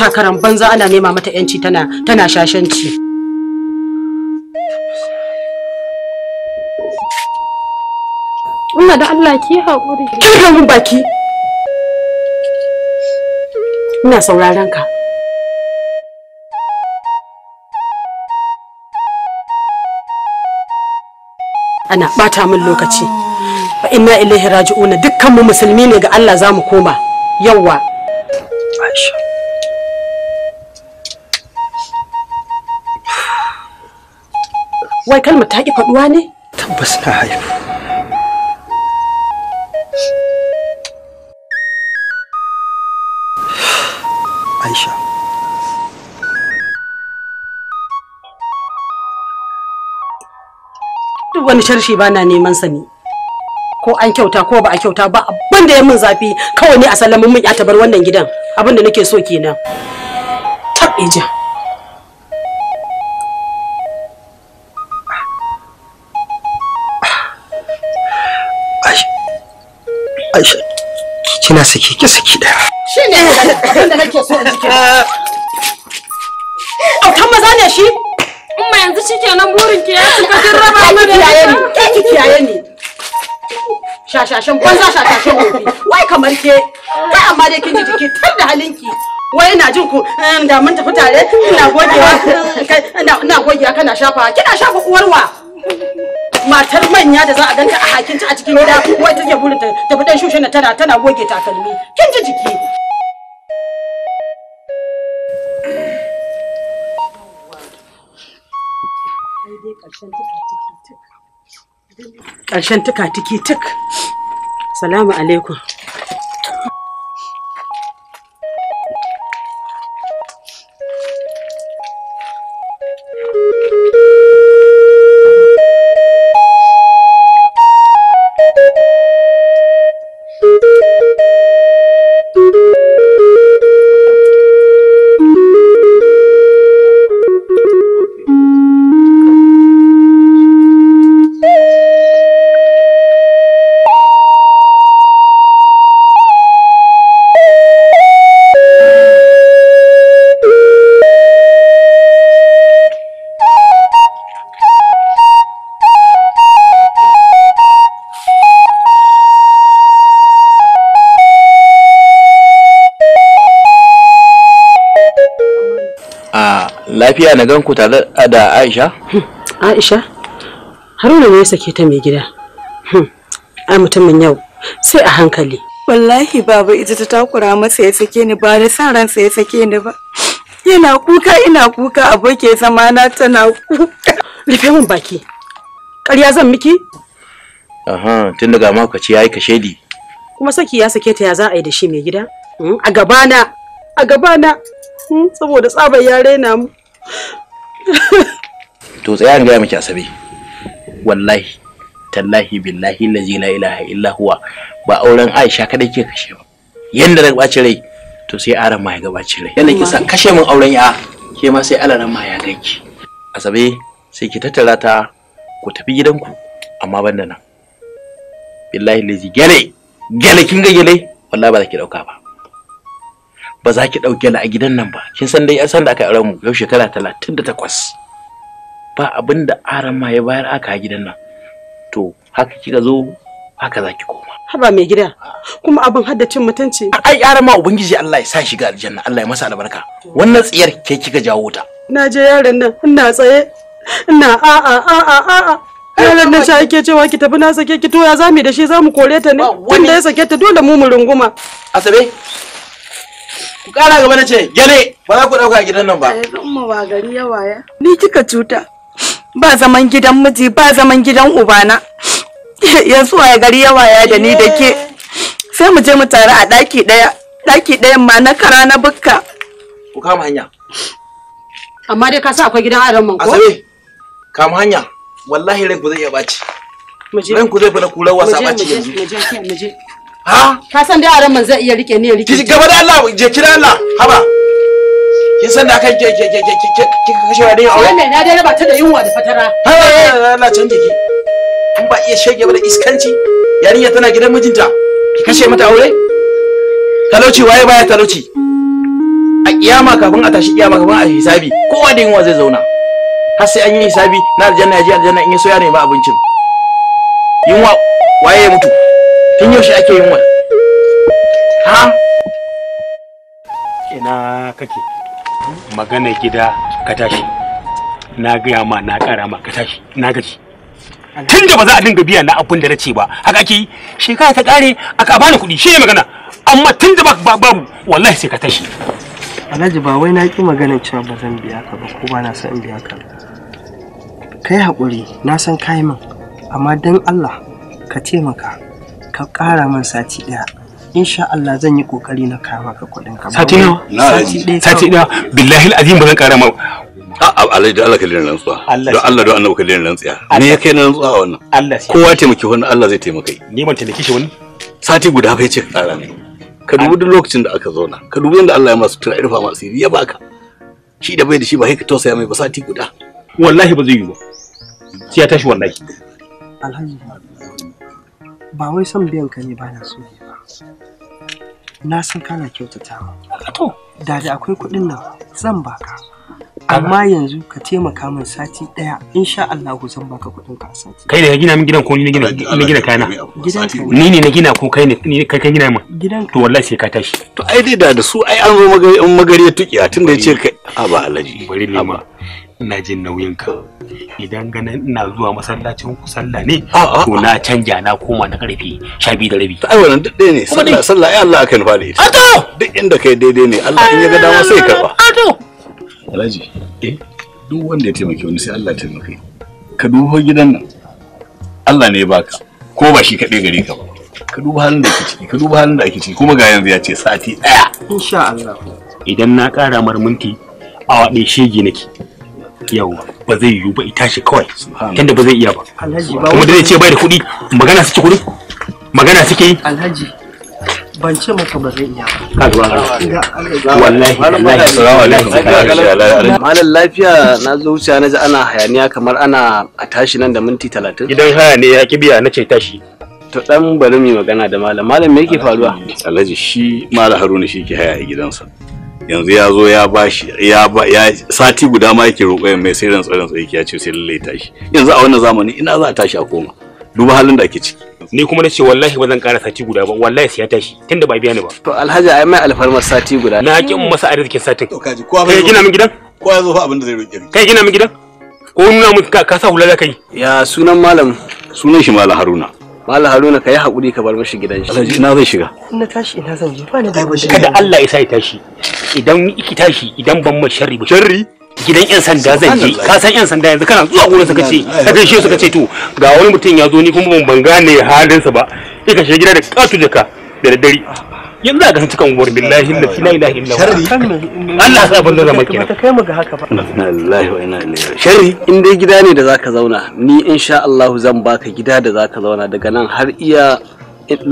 sakaran banza ana nema mata yanci tana tana shashanci Ina da Allah ki haƙuri. Kirga mun baki. Ina sauraron ka. Ana ɓata min lokaci. Fa inna ilaihi raji'una dukkan mu musulmi ne ga Allah za mu koma. Yawwa. Wai kalmar ta ƙi faɗuwa ne? Tabbas na haifu. wani sharshi ba na neman sa ne ko an kyauta ko ba a kyauta ba abin da ya min zafi kawai ne a sallamin mun ya tabar wannan gidan abin da nake so kenan tab ija Aisha, kina saki ki saki da. Shi ne abin da nake so a ji. Autan maza ne shi? shi kenan burin ki ya cika kin raba mu da ita. Ke ki kiyaye ni. Shashashan banza shashashan gobe. Wai kamar ke. Kai amma dai kin ji jiki tar da halinki. Wai ina jin ku da mun tafi tare ina gogewa ina gogewa kana shafa kina shafa uwarwa. matar manya da za a ganta a hakinci a cikin gida wai take burin ta tafi dan shushe tana tana goge takalmi kin ji jiki ƙarshen tuka tiki tik salamu alaikum lafiya na ganku tare da Aisha? Hmm. Aisha? Haruna ne ya sake ta mai gida. Hmm. Ai mutumin yau sai a hankali. Wallahi baba ita ta takura masa ya sake ni ba da san ransa ya sake ni ba. Yana kuka ina kuka aboke na tana kuka. Rufe min baki. Ƙarya zan miki? Aha, tun daga ma ce yayi shedi. Kuma saki ya sake ta ya za a yi da shi mai gida? Hmm? A gabana, a gabana. saboda tsabar ya raina mu to tsaya an gaya miki asabe wallahi tallahi billahi lazi la ilaha illa huwa ba auren aisha kada ke kashe ba yanda da ɓaci rai to sai aran ma ya gabaci rai yanda kisa kashe min auren ya ke ma sai alaran ma ya ganki asabe sai ki tattara ta ku tafi gidanku amma ban da nan billahi lazi gele gele kin ga gele wallahi ba za ki dauka ba ba za ki ɗauke ni a gidan nan ba kin san dai san da aka aure mu yau shekara talatin da takwas ba abin da aran ma ya bayar aka a gidan nan to haka kika zo haka za ki koma haba mai gida kuma abin haddacin mutunci ai aran ma ubangiji Allah ya sa shiga aljanna Allah ya masa albarka wannan tsiyar ke kika jawo ta na je yaron nan ina tsaye ina a a a a a yaron nan sha ake cewa ki tafi na sake ki toya, zamu da shi zamu kore ta ne tunda ya sake ta dole mu mu runguma asabe ku kara gaba na ce gele ba za ku dauka a gidan nan ba mu ba gari yawa ya ni kika cuta ba zaman gidan miji ba zaman gidan ubana yanzu a gari yawa ya da ni da ke sai mu je mu tare a daki daya daki dayan ma na kara na bukka ku kama hanya amma dai ka sa akwai gidan aron man ko asabe kama hanya wallahi rai ku zai iya baci ranku zai fi na kurar wasa baci yanzu ka san da yaran man zai iya rike ni ya rike ki gaba da Allah je kira Allah haba kin san da kai kika kashe wa dan aure wannan na dai raba ta da yunwa da fatara Allah canje ki An ba iya shege ba da iskanci yarinya tana gidan mijinta ki kashe mata aure talauci waye baya talauci a kiyama kafin a tashi kiyama kafin a hisabi kowa da yunwa zai zauna har sai an yi hisabi na aljanna ya je aljanna in ya so ya nemi abincin yunwa waye ya mutu tun yaushe ake yin wani ha ina kake magana gida ka tashi na gaya ma na kara ma ka tashi na gaji tun da ba za a dinga biya na abin da na ce ba haka ake yi shekara ta kare ka bani kuɗi shi ne magana amma tun da ba babu wallahi sai ka tashi alhaji ba wai na ki maganin cewa ba zan biya ka ba ko ba na san biya ka kai haƙuri na san kayi min amma don allah ka taimaka ka ƙara min sati ɗaya insha Allah zan yi kokari na kama ka kuɗin ka sati sati ɗaya sati ɗaya billahi alazim ba zan ƙara ma Allah da Allah ka lina rantsuwa don Allah don annabu ka lena rantsuwa ne ya kai na rantsuwa wannan Allah kowa taimaki wannan Allah zai taimaka ni ban taimaki shi wani sati guda fa yace ka ƙara ka dubi duk lokacin da aka zauna ka dubi yadda Allah ya masu tura irfa masu ya baka shi da bai da shi ba sai ka tausaya mai ba sati guda wallahi ba zai yi ba sai ya tashi wallahi alhamdulillah ba wai son biyan ka ne ba na so ne ba na san kana mu. to da da akwai kuɗin nan zan baka amma yanzu ka taimaka min sati daya insha Allah zan baka kuɗin ka sati kai da ka gina min gidan ko ni na gina gina kana ni ne na gina ko kai ne ni kai ka gina min gidan to wallahi sai ka tashi to ai dai da da su ai an zo magari magari tukiya tunda yace kai a ba alaji bari ne ma ina jin nauyin ka idan ganin ina zuwa masallacin ku sallah ne ko na canja na koma na karfe 12 da rabi ai wannan duk ne sallah sallah ai Allah aka nufa da ita ato duk inda kai daidai ne Allah in ya ga dama sai karba ato Alhaji eh duk wanda ya taimake wani sai Allah ya taimake ka duba gidan nan Allah ne ya baka ko ba shi kaɗai gare ka ba ka duba halin da ake ciki ka duba halin da ake ciki kuma ga yanzu ya ce sati daya insha Allah idan na ƙara marmunti, a awa shege nake yau ba zai yiwu ba ita shi kawai tunda ba zai iya ba kuma da zai ce bai da kuɗi magana suke kuɗi magana suke yi alhaji ban ce maka ba zai iya ba wallahi wallahi malam lafiya na zo wuce na ji ana hayaniya kamar ana a tashi nan da minti talatin gidan haya ne ya kibiya na ce tashi to dan bari mu magana da malam malam me yake faruwa alhaji shi malam haruna shi ke haya a gidansa yanzu ya zo ya bashi ya ba ya sati guda ma yake roƙo mai sai ran tsaron sai ya ce sai lalle tashi yanzu a wannan zamani ina za a tashi a koma duba halin da ake ciki ni kuma nace wallahi ba zan ƙara sati guda ba wallahi sai ya tashi tunda ba biya ni ba to alhaji ai mai alfarmar sati guda na haƙi mu masa arzikin satin kai gina min gidan ko ya zo fa abin da zai roƙe kai gina min gidan ko nuna mu ka sa hular kai ya sunan malam sunan shi malam haruna Mala Haruna ka yi haƙuri ka bar mashi gidan shi. Alhaji ina zai shiga. Ina tashi ina zan je. Ba ni bashi. Kada Allah ya sa ya tashi. Idan iki tashi idan ban mai sharri ba. Sharri? Gidan 'yan sanda zan je. Ka san 'yan sanda yanzu kana zuwa gurin suka ce ka shi suka ce to ga wani mutum ya zo ni kuma ban gane halinsa ba. Sai shiga gida da katu jaka da daddare. yanzu a ga cikin uwar billahi la ilaha illa Allah sa abin zama kenan ta kai mu ga haka wa ilaihi sharri in dai gida ne da zaka zauna ni insha Allah zan baka gida da zaka zauna daga nan har iya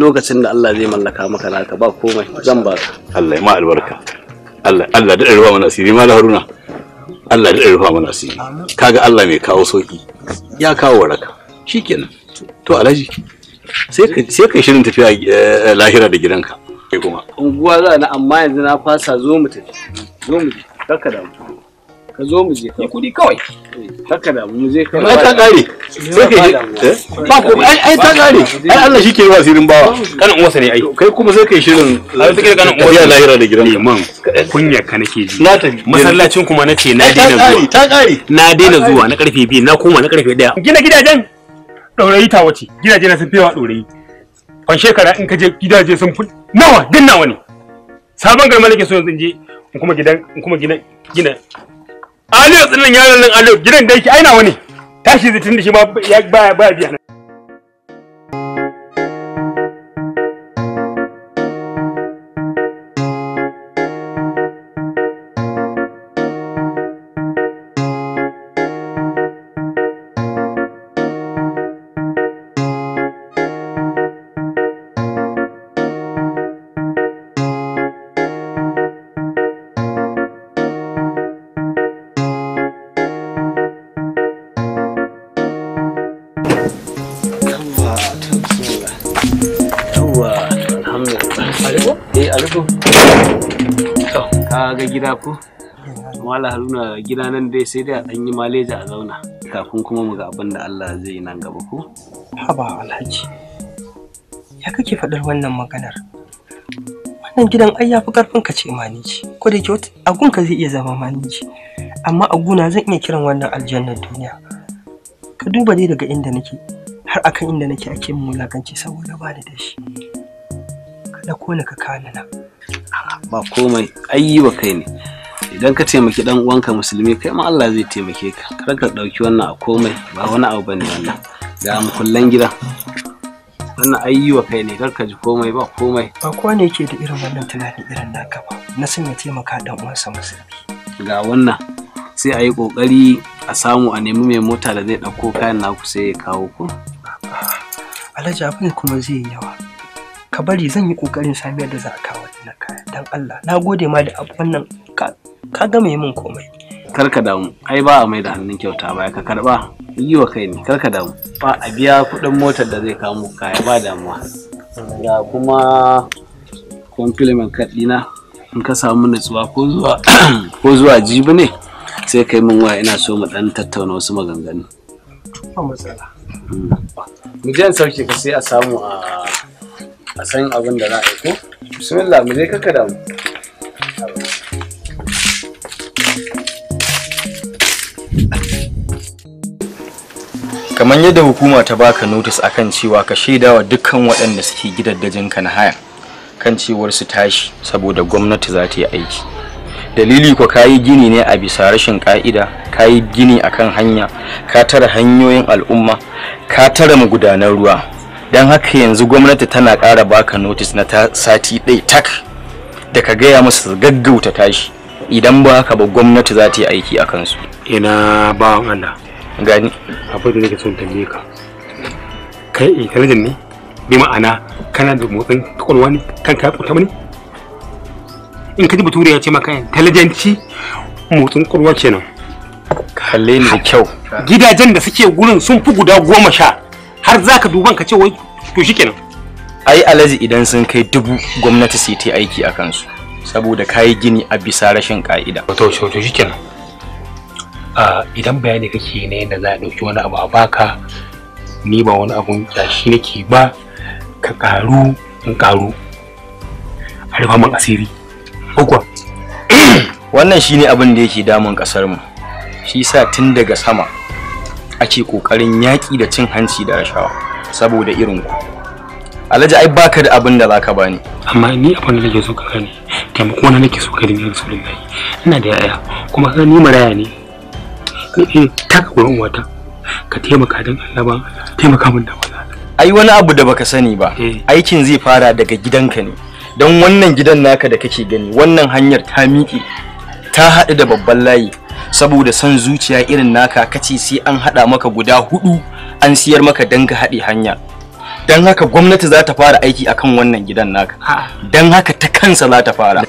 lokacin da Allah zai mallaka maka naka ba komai zan baka Allah ya ma albarka Allah Allah da ruwa mana asiri ma Haruna Allah da ruwa mana asiri kaga Allah mai kawo sauki ya kawo waraka shikenan to alhaji sai ka shirin tafiya eh, lahira da gidanka Ke kuma. Unguwa za na amma yanzu na fasa zo mu tafi. Zo mu je. Kaka da mu. Ka zo mu je ka kudi kawai. Kaka da mu je kawai. Ai ta ƙare. Sai ka je. Eh? Ba ko ai ai ta ƙare. Ai Allah shi ke yi asirin bawa. Kanin uwarsa ne ai. Kai kuma sai kai shirin. Ai take kanin uwarsa. Ya lahira da gidan. Liman. Eh, Kunya ka nake ji. Na tafi. Masallacin kuma nace na daina zuwa. Ta ƙare. Na daina zuwa na ƙarfe biyu na koma na ƙarfe ɗaya. Gina gidajen. Ɗaurayi ta wace. Gidaje na sun fewa ɗaurayi. kwan shekara in ka je gidaje sun fi nawa din nawa ne sabon garma nake so yanzu in je in kuma gidan in kuma gidan gina aliyu tsinnan yaron nan aliyu gidan da yake aina wani tashi zai tun da shi ba ba biya gida ko mala haruna gida nan dai sai dai a ɗan yi maleja a zauna kafin kuma mu ga abin da allah zai yi nan gaba ko haba alhaji ya kake faɗar wannan maganar wannan gidan ai yafi karfin ka ce maniji ko da ke a zai iya zama maniji amma aguna zan iya kiran wannan aljannar duniya ka duba dai daga inda nake har akan inda nake ake mulakanci saboda ba da shi kada kona ka kana na ba komai ayi wa kai ne idan ka taimaki dan uwanka musulmi kai ma Allah zai taimake ka kar ka dauki wannan a komai ba wani abu bane wannan ga mukullan gida wannan ayi wa kai ne kar ka ji komai ba komai ba kowa ne yake da irin wannan tunani irin naka ba na san ya taimaka dan uwansa musulmi ga wannan sai a yi kokari a samu a nemi mai mota da zai dauko kayan naku sai ya kawo ku alhaji abin kuma zai yi yawa ka bari zan yi kokarin samiyar da za a kawo na kaya don Allah na gode ma da abu wannan ka gama yi min komai karka damu ai ba a mai da hannun kyauta ba ka karba yi wa kai ne karka damu ba a biya kuɗin motar da zai kamo kaya ba damuwa ga kuma compliment kaɗina in ka samu natsuwa ko zuwa ko zuwa jibi ne sai kai min waya ina so mu ɗan tattauna wasu maganganu ba matsala hmm. mu je sauke ka sai a samu a a san abin da za a yi ko bismillah mu je kaka mu kamar yadda hukuma ta baka notis akan cewa ka wa dukkan waɗanda suke ka na haya kan cewar su tashi saboda gwamnati za ta yi aiki dalili ko yi gini ne a bisa rashin ka'ida kayi gini akan hanya ka tara hanyoyin al'umma ka tara gudanar ruwa don haka yanzu gwamnati tana ƙara baka notice na sati ɗaya tak da ka gaya musu gaggauta tashi idan ba haka ba gwamnati za ta yi aiki a kansu ina bawan Allah gani abin da nake son tambaye ka kai intelligent ne bi ma'ana kana da motsin kwakwalwa ne kan ka kuta ne in ka ji bature ya ce maka intelligent motsin kwakwalwa kenan kalle ni da kyau gidajen da suke gurin sun fi guda goma sha har zaka duban ka ce wai to shikenan ai alaji idan sun kai dubu gwamnati sai ta aiki a kansu saboda kayi gini a bisa rashin ka'ida to to to shikenan idan bayani kake ne yadda za a dauki wani abu a baka ni ba wani abun kyashi nake ba ka karu in karu a rufa man asiri ko wannan shine abin da yake damun kasar mu shi sa tun daga sama ake ƙoƙarin yaƙi da cin hanci da rashawa saboda irin ku alhaji ai baka da abin da zaka bani amma ni abin da nake so ka gane taimako na nake so ka dinga rasulullahi ina da yaya kuma ka ni maraya ne ta ka gurin wata ka taimaka dan Allah ba taimaka min da wala ai wani abu da baka sani ba eh. aikin zai fara daga gidanka ne don wannan gidan naka da kake gani wannan hanyar ta miƙe ta haɗu da babban layi saboda son zuciya irin naka kace sai an haɗa maka guda hudu an siyar maka danga ka haɗe hanya don haka gwamnati za ta fara aiki akan wannan gidan naka don haka ta kansa za ta fara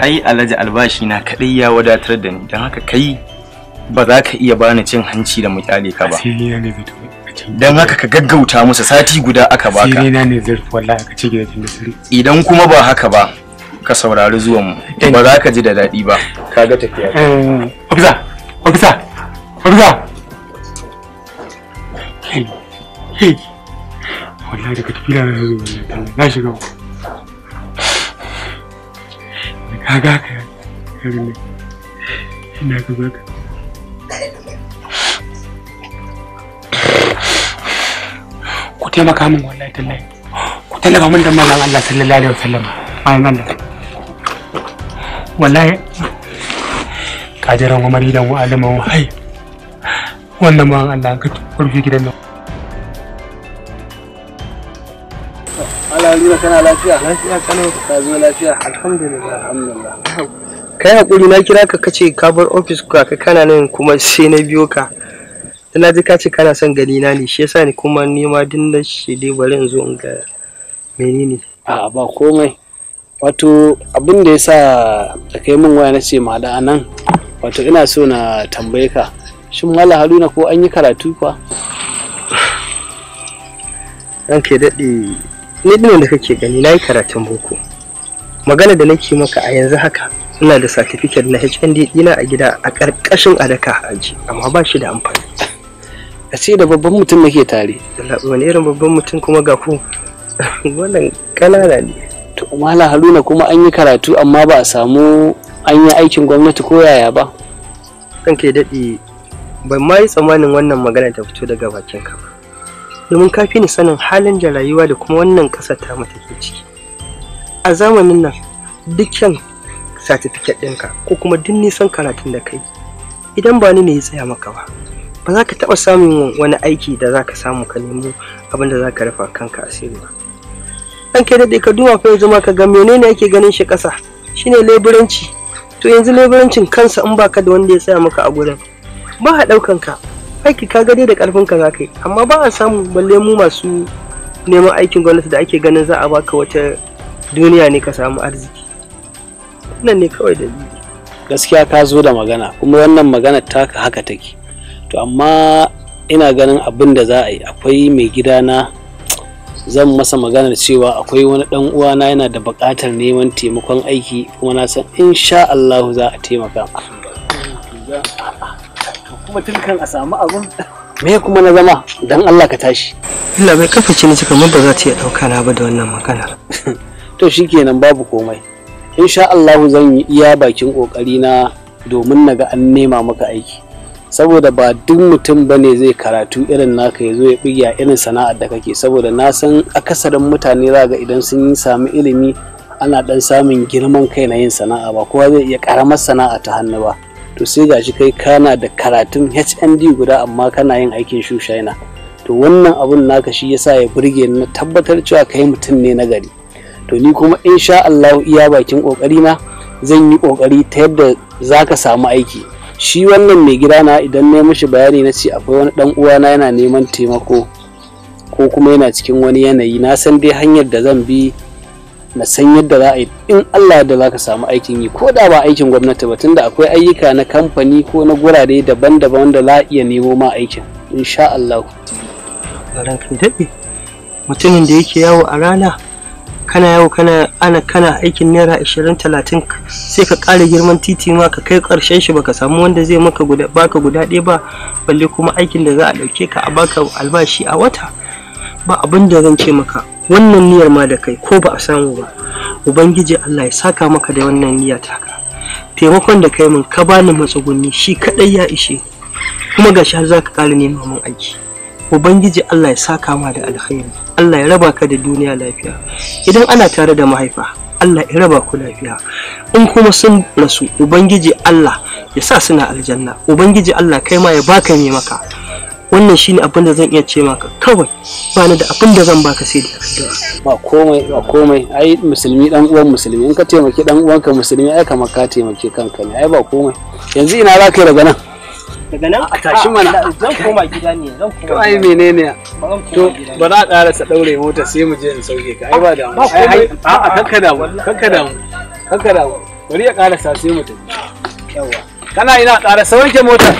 ai alhaji albashi na kaɗai ya wadatar da ni don haka kai ba za ka iya bani cin hanci da mukyale ka ba don haka ka gaggauta musu sati guda aka baka idan kuma ba haka ba ka saurari zuwan mu ba za ka ji da daɗi ba kaga tafiya ofisa ofisa ofisa wallahi daga tafiya na zo na shiga da kaga ka yari ne ina ka ku taimaka min wallahi tallahi ku tallafa min da mallam Allah sallallahu alaihi wasallam wallahi kajiran wa maridan wa aliman hai wannan ma Allah ka rufe gidan nan Alaluna kana lafiya lafiya kana ka zo lafiya alhamdulillah alhamdulillah kai hakuri na kira ka kace ka bar office ka ka kana nan kuma sai na biyo ka na ji ka ce kana son gani na ne shi yasa ni kuma ni ma din da shi dai bari in zo in ga menene a ba komai wato abin da ya sa da kai min waya na ce ma da anan wato ina so na tambaye ka shin mala haruna ko an yi karatu kwa ke daɗe ni ɗin da kake gani na yi karatun boko magana da nake maka a yanzu haka ina da satifiket na hnd ɗina a gida a ƙarƙashin adaka aji amma ba shi da amfani a ce da babban mutum nake tare wani irin babban mutum kuma ga ku <laughs> wannan ƙanana ne to mala haruna kuma an yi karatu amma ba a samu an yi aikin gwamnati ko yaya ba kanka ke daɗe ma yi tsammanin wannan magana ta fito daga bakin ka ba domin ka fi ni sanin halin da rayuwa da kuma wannan ƙasar ta mata ke ciki a zamanin nan dukkan satifiket ɗinka ko kuma duk nisan karatun da kai idan ba ni ne ya tsaya maka ba ba za ka taɓa samun wani aiki da za ka samu ka nemo abin da za ka rufa kanka asiri ba ɗan kai daɗe ka duba fa zuma ka ga menene ake ganin shi ƙasa shine leburanci to yanzu leburancin kansa in baka da wanda ya saya maka a gurin ba a ɗaukan ka aiki ka gade da karfin ka zakai amma ba a samu balle mu masu neman aikin gwamnati da ake ganin za a baka wata duniya ne ka samu arziki nan ne kawai da gaskiya ka zo da magana kuma wannan magana taka haka take to amma ina ganin abin da za a yi akwai mai gidana zan masa maganar cewa akwai wani dan uwana yana da buƙatar neman taimakon aiki kuma na san insha Allah za a taimaka kuma tilkan a samu abun me kuma na zama dan Allah ka tashi Allah bai kafa ce ni mun ba za ta iya dauka na ba da wannan magana <laughs> to shikenan babu komai insha Allah zan yi iya bakin kokari na domin naga an nema maka aiki saboda ba duk mutum ba ne zai karatu irin naka ya zo ya bigya irin sana'ar da kake saboda na san akasarin mutane za ga idan sun yi sami ilimi ana dan samun girman kai na yin sana'a ba kowa zai iya karamar sana'a ta hannu ba to sai gashi kai kana da karatun HND guda amma kana yin aikin shushaina to wannan abun naka shi yasa ya burge na tabbatar cewa kai mutum ne na gari to ni kuma insha Allahu iya bakin kokari na zan yi kokari ta yadda zaka samu aiki shi wannan mai gida na idan na mishi bayani na ce akwai wani dan uwana yana neman taimako ko kuma yana cikin wani yanayi na san dai hanyar da zan bi na san yadda za a yi in Allah da za ka samu aikin yi ko da ba aikin gwamnati ba tunda akwai ayyuka na kamfani ko na gurare daban-daban wanda za a iya nemo ma aikin insha Allah. mutumin da yake yawo a rana kana yau kana ana kana aikin naira 20 talatin sai ka ƙara girman titi ma ka kai ƙarshen shi baka samu wanda zai maka guda baka guda ɗaya ba balle kuma aikin da za a ɗauke ka a baka albashi a wata ba abin da zan ce maka wannan niyyar ma da kai ko ba a samu ba ubangiji Allah ya saka maka da wannan niyya taka taimakon da kai mun ka bani matsugunni shi kadai ya ishe kuma gashi har zaka ƙara neman mun aiki ubangiji Allah ya saka ma da alkhairi Allah ya raba ka da duniya lafiya idan ana tare da mahaifa Allah ya raba ku lafiya in kuma sun rasu ubangiji Allah ya sa suna aljanna ubangiji Allah kai ma ya baka ne maka wannan shine abin da zan iya ce maka kawai ba ni da abin da zan baka sai da ba komai ba komai ai musulmi dan uwan musulmi in ka taimaki dan uwanka musulmi ai kamar ka taimaki kanka ne ai ba komai yanzu ina za ka yi daga nan daga nan a tashi mana zan koma gida ne zan koma to ai menene to ba za a karasa daure mota sai mu je in sauke ka ai ba da ai a a kanka da mu kanka da mu kanka da mu bari ya karasa sai mu tafi yawa kana ina karasa wanke motar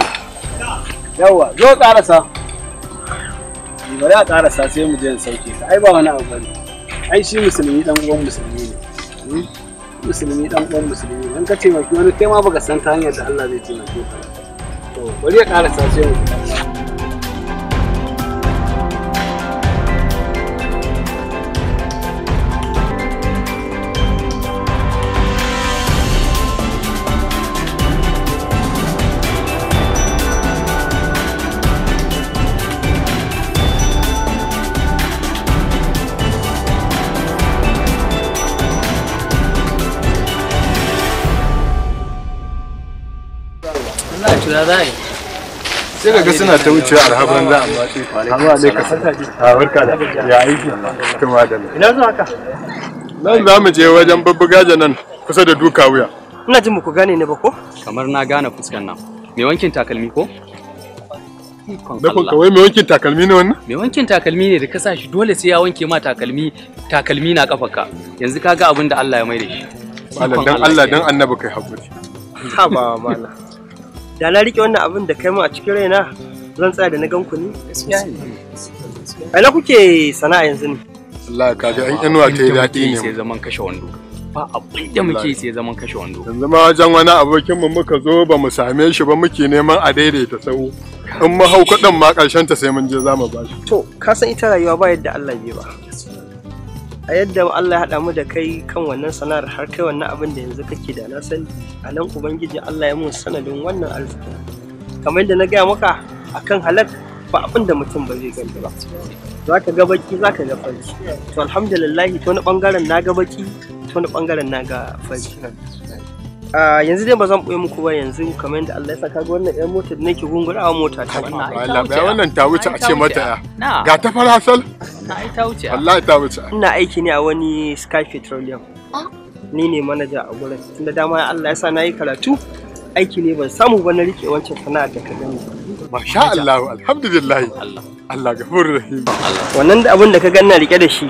yawa zo ƙarasa? bari a ƙarasa sai mu je in sauke ka ai ba wani abu bane ai shi musulmi dan uwan musulmi ne hmm? musulmi dan uwan musulmi ne an ka taimaki wani kai ma baka san ta hanyar da Allah zai taimake ka وليك على اساس لا داعي sai ga suna ta wucewa alhaban da amma amma ne ka saka ki a barka da ya aiki kuma da ina zuwa ka nan za mu je wajen babbugaje nan kusa da duka wuya ina jin muku gane ne ba ko kamar na gane fuskan nan me wankin takalmi ko Dakon kawai mai wankin takalmi ne wannan? Mai wankin takalmi ne da ka sa shi dole sai ya wanke ma takalmi takalmi na kafarka. Yanzu ka ga abin da Allah ya mai da shi. Malam dan Allah dan annabi kai hakuri. Ha ba malam. da na rike wannan abin da kai mu a cikin raina zan tsaya da na gan ku ne gaskiya ne kuke sana'a yanzu ne Allah ka ji an inuwa ke yi daɗi ne sai zaman kashe wando ba abin da muke sai zaman kashe wando yanzu ma wajen wani abokin mu muka zo ba mu same shi ba muke neman a daidaita sau in mu hau kuɗin ma ƙarshen ta sai mun je za mu ba shi to ka san ita rayuwa ba yadda Allah ya ba a yadda Allah ya haɗa mu da kai kan wannan sana'ar har kai wannan abin da yanzu kake da na sani a nan ubangiji Allah ya mun sanadin wannan arziki kamar yadda na gaya maka akan halak ba abin da mutum ba zai gani ba za ka ga baki za ka ga fari to alhamdulillah ta wani bangaren na ga baki ta wani bangaren na ga fari yanzu dai ba zan ɓoye muku ba yanzu kamar da Allah ya saka ga wannan 'yan motar nake gungurawa mota ta wannan wannan ta wuce a ce mata ga ta ai ta wuce Allah ta wuce ina aiki ne a wani Sky Petroleum ni ne manaja a gurin tunda dama Allah ya sa na yi karatu aiki ne ban samu ba na rike wancan sana'a ta ka gani masha Allah alhamdulillah Allah gafur rahim wannan abin da ka ganna rike da shi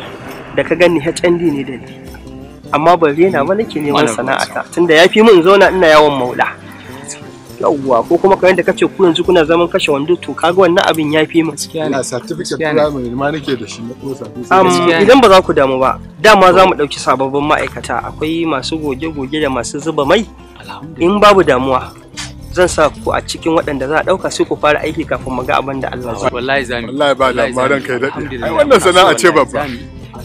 da ka gani HND ne da ni amma ban rena ba nake neman sana'ata tunda ya fi min zauna ina yawon maula yawwa ko kuma kayan da kace ku yanzu kuna zaman kashe wando to kaga wannan abin ya fi min ina certificate primary ma nake da shi na idan ba za ku damu ba dama za mu dauki sababbin ma'aikata akwai masu goge-goge da masu zuba mai in babu damuwa zan sa ku a cikin waɗanda za a ɗauka sai ku fara aiki kafin mu ga abin da Allah zai wallahi zami wallahi ba da ma kai ya ai wannan sana'a ce babba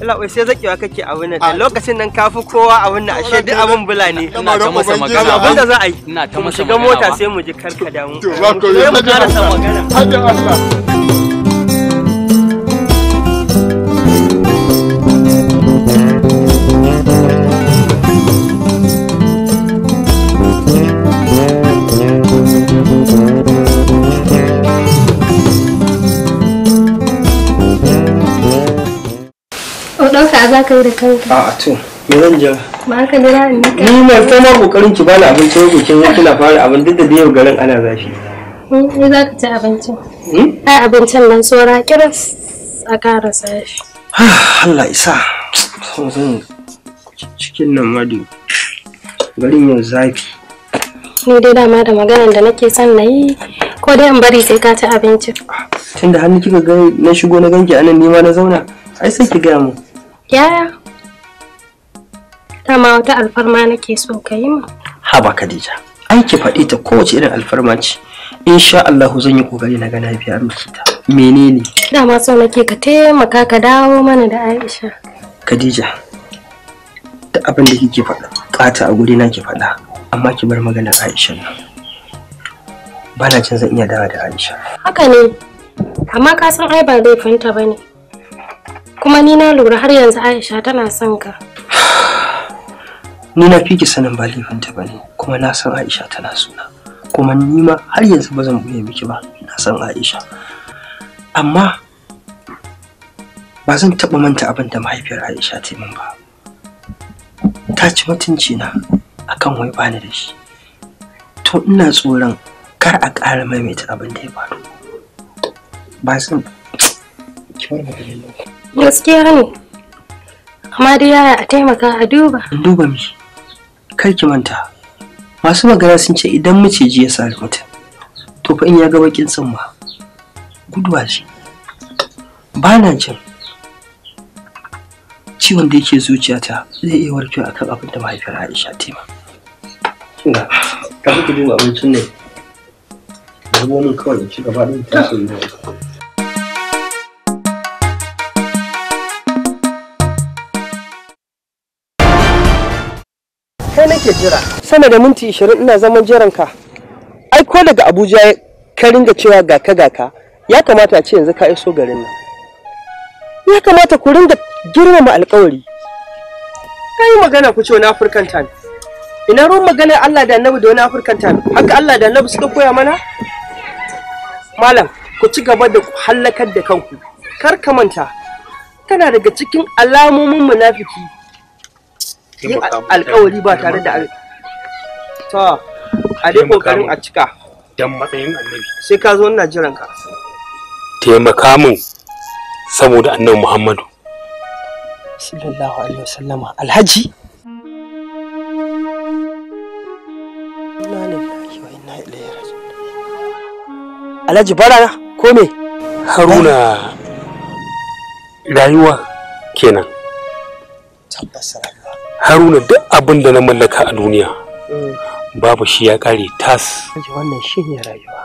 Allah sai zakewa kake a wannan lokacin nan kafi kowa a wannan ashe duk abin bula ne ina ta masa magana abin da za a yi ina ta masa magana shiga mota sai mu ji karka damu to yi magana haka Allah ɗauka za ka yi da kanka. A'a to, me zan jira? Ba ka jira in nika. Ni mai ta ma kokarin ki bani abinci ko kin yi kina fara abin duk da yau garin ana zafi. Mm, ni za ka ci abincin. Hmm? Ai abincin nan tsora kiras a karasa shi. Ah, Allah isa. Zan cikin nan madu. Garin yau zafi. Ni dai dama da maganar da nake son na yi ko dai in bari sai ka ci abincin. Ah, tunda hannu kika ga na shigo na ganki anan nima na zauna. Ai sai ki gaya mu. Yaya? ma wata alfarma nake so ka yi min. Haba Khadija, ai ki faɗi ta kowace irin alfarma ce. Insha Allah zan yi kokari na ga na biya miki ta. Menene? Dama so nake ka taimaka ka dawo mana da Aisha. Khadija, da abin da kike faɗa, ƙata a guri na ki faɗa, amma ki bar da Aisha nan. Bana jin zan iya dawo da Aisha. Haka ne, amma ka san ai ba laifinta bane. Kuma ni na lura har yanzu Aisha tana son ka. <sighs> Ni na fiki sanin ba laifinta ba ne, kuma na san Aisha tana suna. Kuma ni ma har yanzu ba zan buye miki ba, na san Aisha. Amma ba zan taɓa manta abin da mahaifiyar Aisha ta yi min ba. Ta ci mutunci na akan wai bani da shi. To ina tsoron kar a ƙara maimaita abin da ya faru. Ba zan ki bar gaskiya ne amma dai yaya a taimaka a duba duba mi kar ki manta masu magana sun ce idan maciji ya sari mutum to fa in ya ga bakin tsimma guduwa ce ba na jin ciwon da yake zuciyata zai iya warke warkewa akan abin da mahaifiyar Aisha ta ma. Ina, ka fi duba abincin ne. Zubo min kawai ci gaba ta tasiri yi. kai nake jira sama da minti 20 ina zaman jiran ka ai ko daga Abuja ka ringa cewa ga ka ga ka ya kamata a ce yanzu ka iso garin nan ya kamata ku ringa girmama alkawari kai magana ku ce na African time ina ruwan magana Allah da Annabi da wani African time haka Allah da Annabi suka koya mana malam ku ci gaba da hallakar da kanku kar ka manta kana daga cikin alamomin munafiki yin alkawari ba tare da to a dai kokarin a cika dan matsayin annabi sai ka zo ina jiran ka taimaka mu saboda annabi Muhammadu sallallahu alaihi wasallama alhaji Alhaji barana ko me? Haruna rayuwa kenan. Tabbas haruna duk abin da na mallaka a duniya mm. babu shi ya kare tas wannan shi ne rayuwa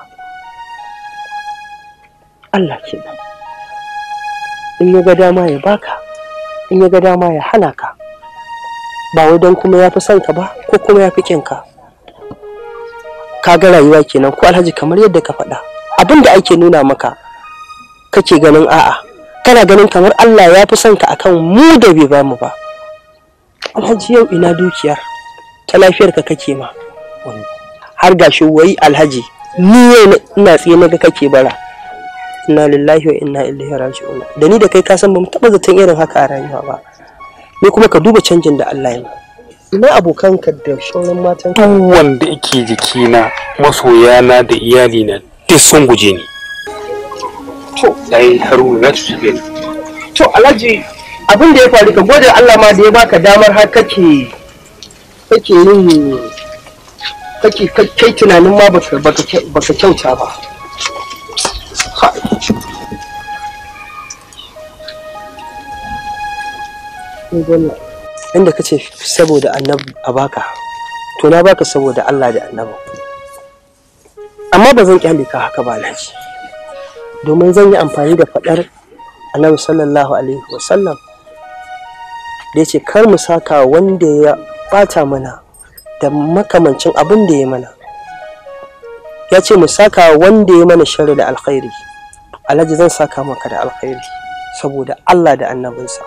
Allah ke nan in ya ga dama ya baka in ya ga dama ya hana ka ba wai don kuma ya fi son ka ba ko kuma ya fi kin ka ka ga rayuwa kenan ko alhaji kamar yadda ka faɗa abin da ake nuna maka kake ganin a'a kana ganin kamar Allah ya fi son ka akan mu da bai bamu ba alhaji yau ina dukiyar ta lafiyar ka kake ma har gashi wai alhaji ni yau ina tsaye ga kake bara inna lillahi wa inna ilaihi raji'un da ni da kai ka san ba mu taba zaton irin haka a rayuwa ba ni kuma ka duba canjin da Allah ya ina abokanka da shauran matan duk wanda yake jikina masoyana da iyali na duk sun guje ni to dai haruna na to alhaji abin da ya faru ka gode Allah ma da ya baka damar har kake kake yin kake kai tunanin ma baka kyauta ba inda kace saboda annabi a baka to na baka saboda Allah da annabi amma ba zan kyale ka haka ba laji domin zan yi amfani da faɗar annabi sallallahu alaihi wasallam da ya ce kar mu saka wanda ya bata mana da makamancin abin da ya mana ya ce mu saka wanda ya mana shari da alkhairi alhaji zan saka maka da alkhairi saboda allah da annabinsa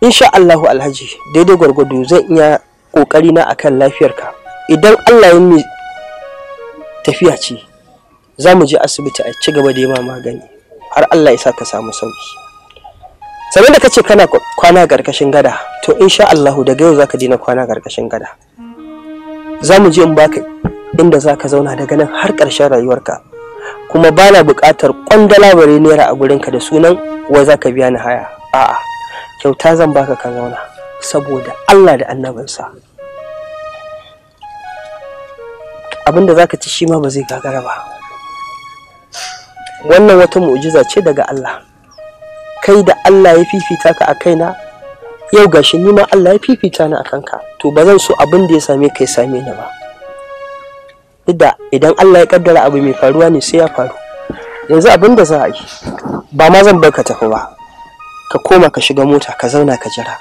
insha allahu alhaji daidai gwargwado zan iya kokari na akan ka. idan allah ya mai tafiya ce za mu je asibiti a ci gaba da yi magani har allah ya sa ka samu sauki sannan da kace kana kwana karkashin gada to insha Allahu daga yau zaka dina kwana karkashin gada za mu je in baka inda zaka zauna daga nan har ƙarshen rayuwarka kuma bana buƙatar kwandala bare naira a gurin ka da sunan wa zaka biya ni haya a'a kyauta zan baka ka zauna saboda Allah da annabinsa abinda zaka ci shi ma ba zai gagara ba wannan wata mu'jiza ce daga Allah kai da Allah ya fifita ka a kaina yau gashi ni ma Allah ya fifita ni a kanka to ba zan so abin da ya same ka ya same ni ba duk da idan Allah ya kaddara abu mai faruwa ne sai ya faru yanzu abin da za a yi ba ma zan bar ka tafi ba ka koma ka shiga mota ka zauna ka jira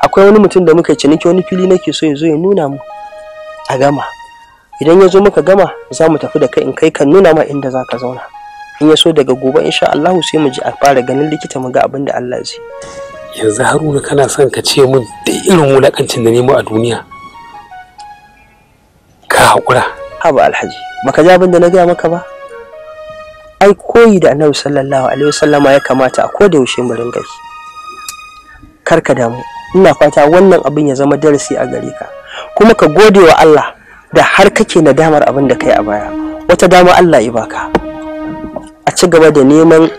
akwai wani mutum da muka ciniki wani fili nake so ya zo ya nuna mu a gama idan ya zo muka gama za mu tafi da kai in kai ka nuna ma inda za ka zauna in ya so daga gobe insha Allahu sai mu ji a fara ganin likita mu ga abin da Allah zai yanzu Haruna kana son ka ce min da irin wulakancin da nemo a duniya ka haƙura haba alhaji baka ji abin da na gaya maka ba ai koyi da annabi sallallahu alaihi wasallama ya kamata a koda yaushe mu ringa shi. Kar ka damu ina fata wannan abin ya zama darasi a gare ka kuma ka gode wa Allah da har kake nadamar abin da kai a baya wata dama Allah ya baka ci gaba da neman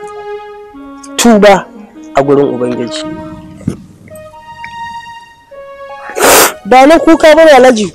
tuba a gurin ubangiji ba na kuka ba alhaji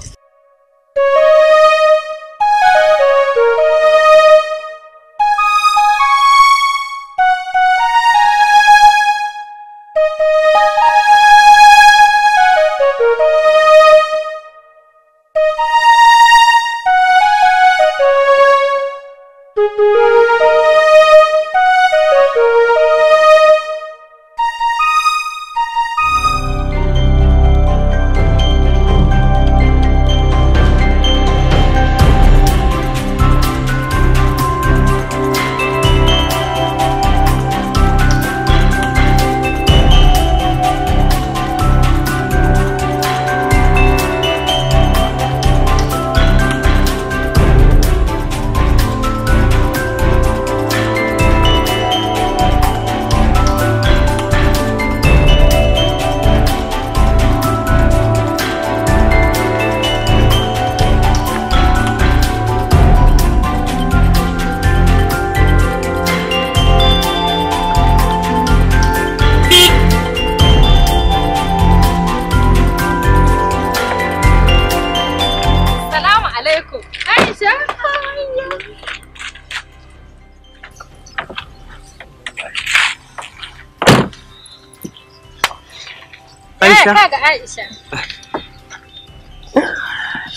Aisha.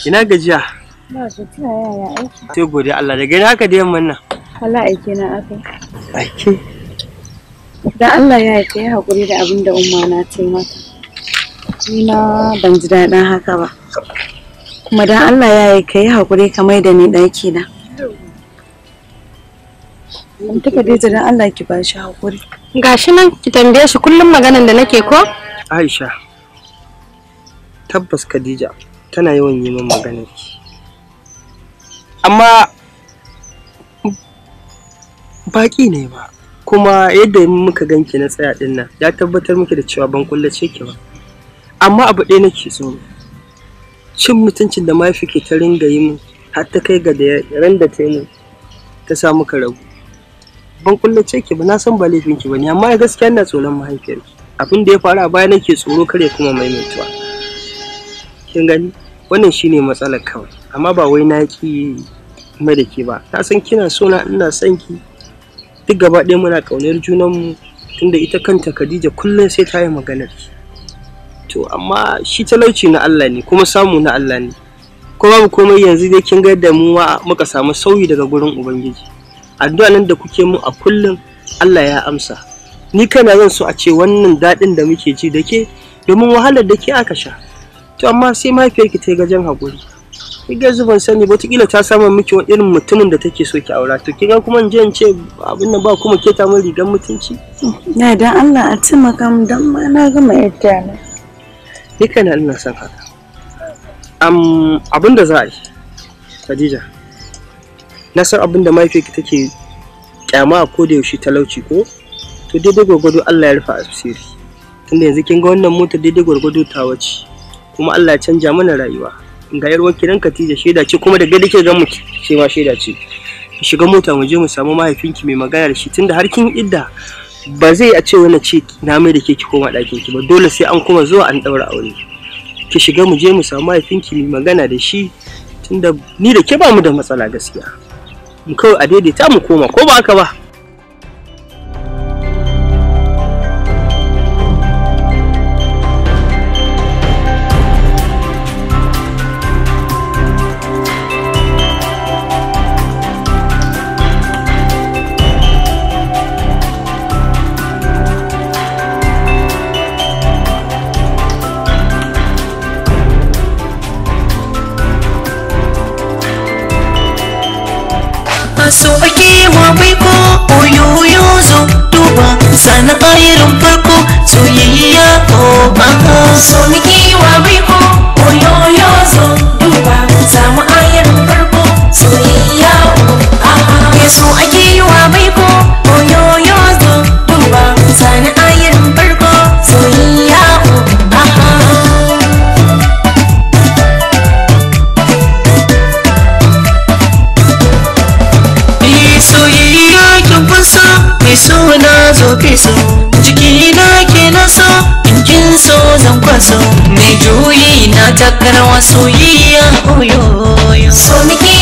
Ina gajiya? Ba gajiya yaya aiki. Sai gode Allah da gani haka da yamman nan. Allah aiki na aka. Aiki. Da Allah ya aike ya haƙuri da abin da umma na ce mata. Ni ban ji daɗin haka ba. Kuma da Allah ya aike ya haƙuri ka mai da ni ɗaki na. Mun taka dai dan Allah ki ba shi haƙuri. shi nan ki tambaye shi kullum maganan da nake ko? Aisha. tabbas Khadija tana yawan yi min magana amma baki ne ba kuma yadda muka ganki na tsaya din nan ya tabbatar miki da cewa ban kullace ki ba amma abu ɗaya nake so cin mutuncin da mafi ke ta ringa yi min har ta kai ga da ran da ta yi ta samu ka rabu ban kullace ki ba na san ba laifin ki ne. amma gaskiya ina tsoron mahaifiyarki abin da ya faru a baya nake tsoro kare kuma maimaituwa kin gani wannan shine matsalar kawai amma ba wai na ki da ke ba ta san kina so na ina son ki duk gaba ɗaya muna ƙaunar mu. tunda ita kanta Khadija kullum sai ta yi maganar ki to amma shi talauci na Allah ne kuma samu na Allah ne kuma babu komai yanzu dai kin ga yadda mu muka samu sauyi daga gurin ubangiji addu'a nan da kuke mu a kullum Allah ya amsa ni kana zan so a ce wannan daɗin da muke ji da ke domin wahalar da ke aka sha to amma sai mahaifiyarki ta yi gajen hakuri kiga zuban sani wataƙila ta samu miki wani irin mutumin da take so ki aura to kiga kuma in je in ce abin nan ba kuma keta mun rigar mutunci na dan Allah a taimaka kam dan ma na gama yadda ne ni kana ina son haka am abin da za a yi Khadija na san abin da mahaifiyarki take kyama a koda yaushe talauci ko to daidai gwargwado Allah ya rufe asiri tunda yanzu kin ga wannan mota daidai gwargwado ta wace kuma Allah ya canja mana rayuwa ga yarwar kiran Khadija shaida ce kuma da gadi ke ga mu ce ma shaida ce shiga mota mu je mu samu mahaifinki mai magana da shi tunda har kin idda ba zai a ce wani ce na mai da ke ki koma ɗakin ki ba dole sai an kuma zuwa an ɗaura aure ki shiga mu je mu samu mahaifinki mai magana da shi tunda ni da ke ba mu da matsala gaskiya mu kawai a daidaita mu koma ko ba haka ba sana bayirin farko soyayya ko baka so nake wa riko yo zo duba samu ayarin farko soyayya ko baka so ake so jiki na ke na so in kin so zan kwaso mai juyi na takarwa soyayya yi so miki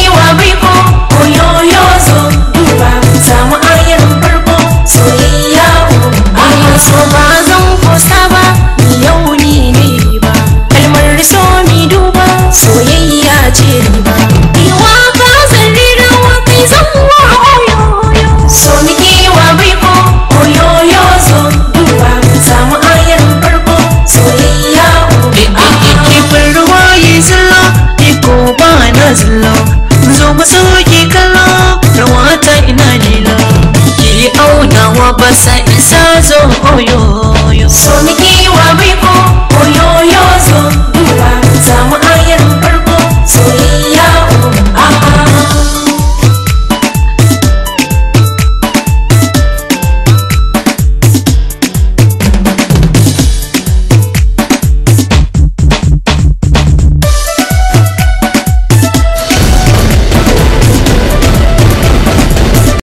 kuma ba san isa zo koyo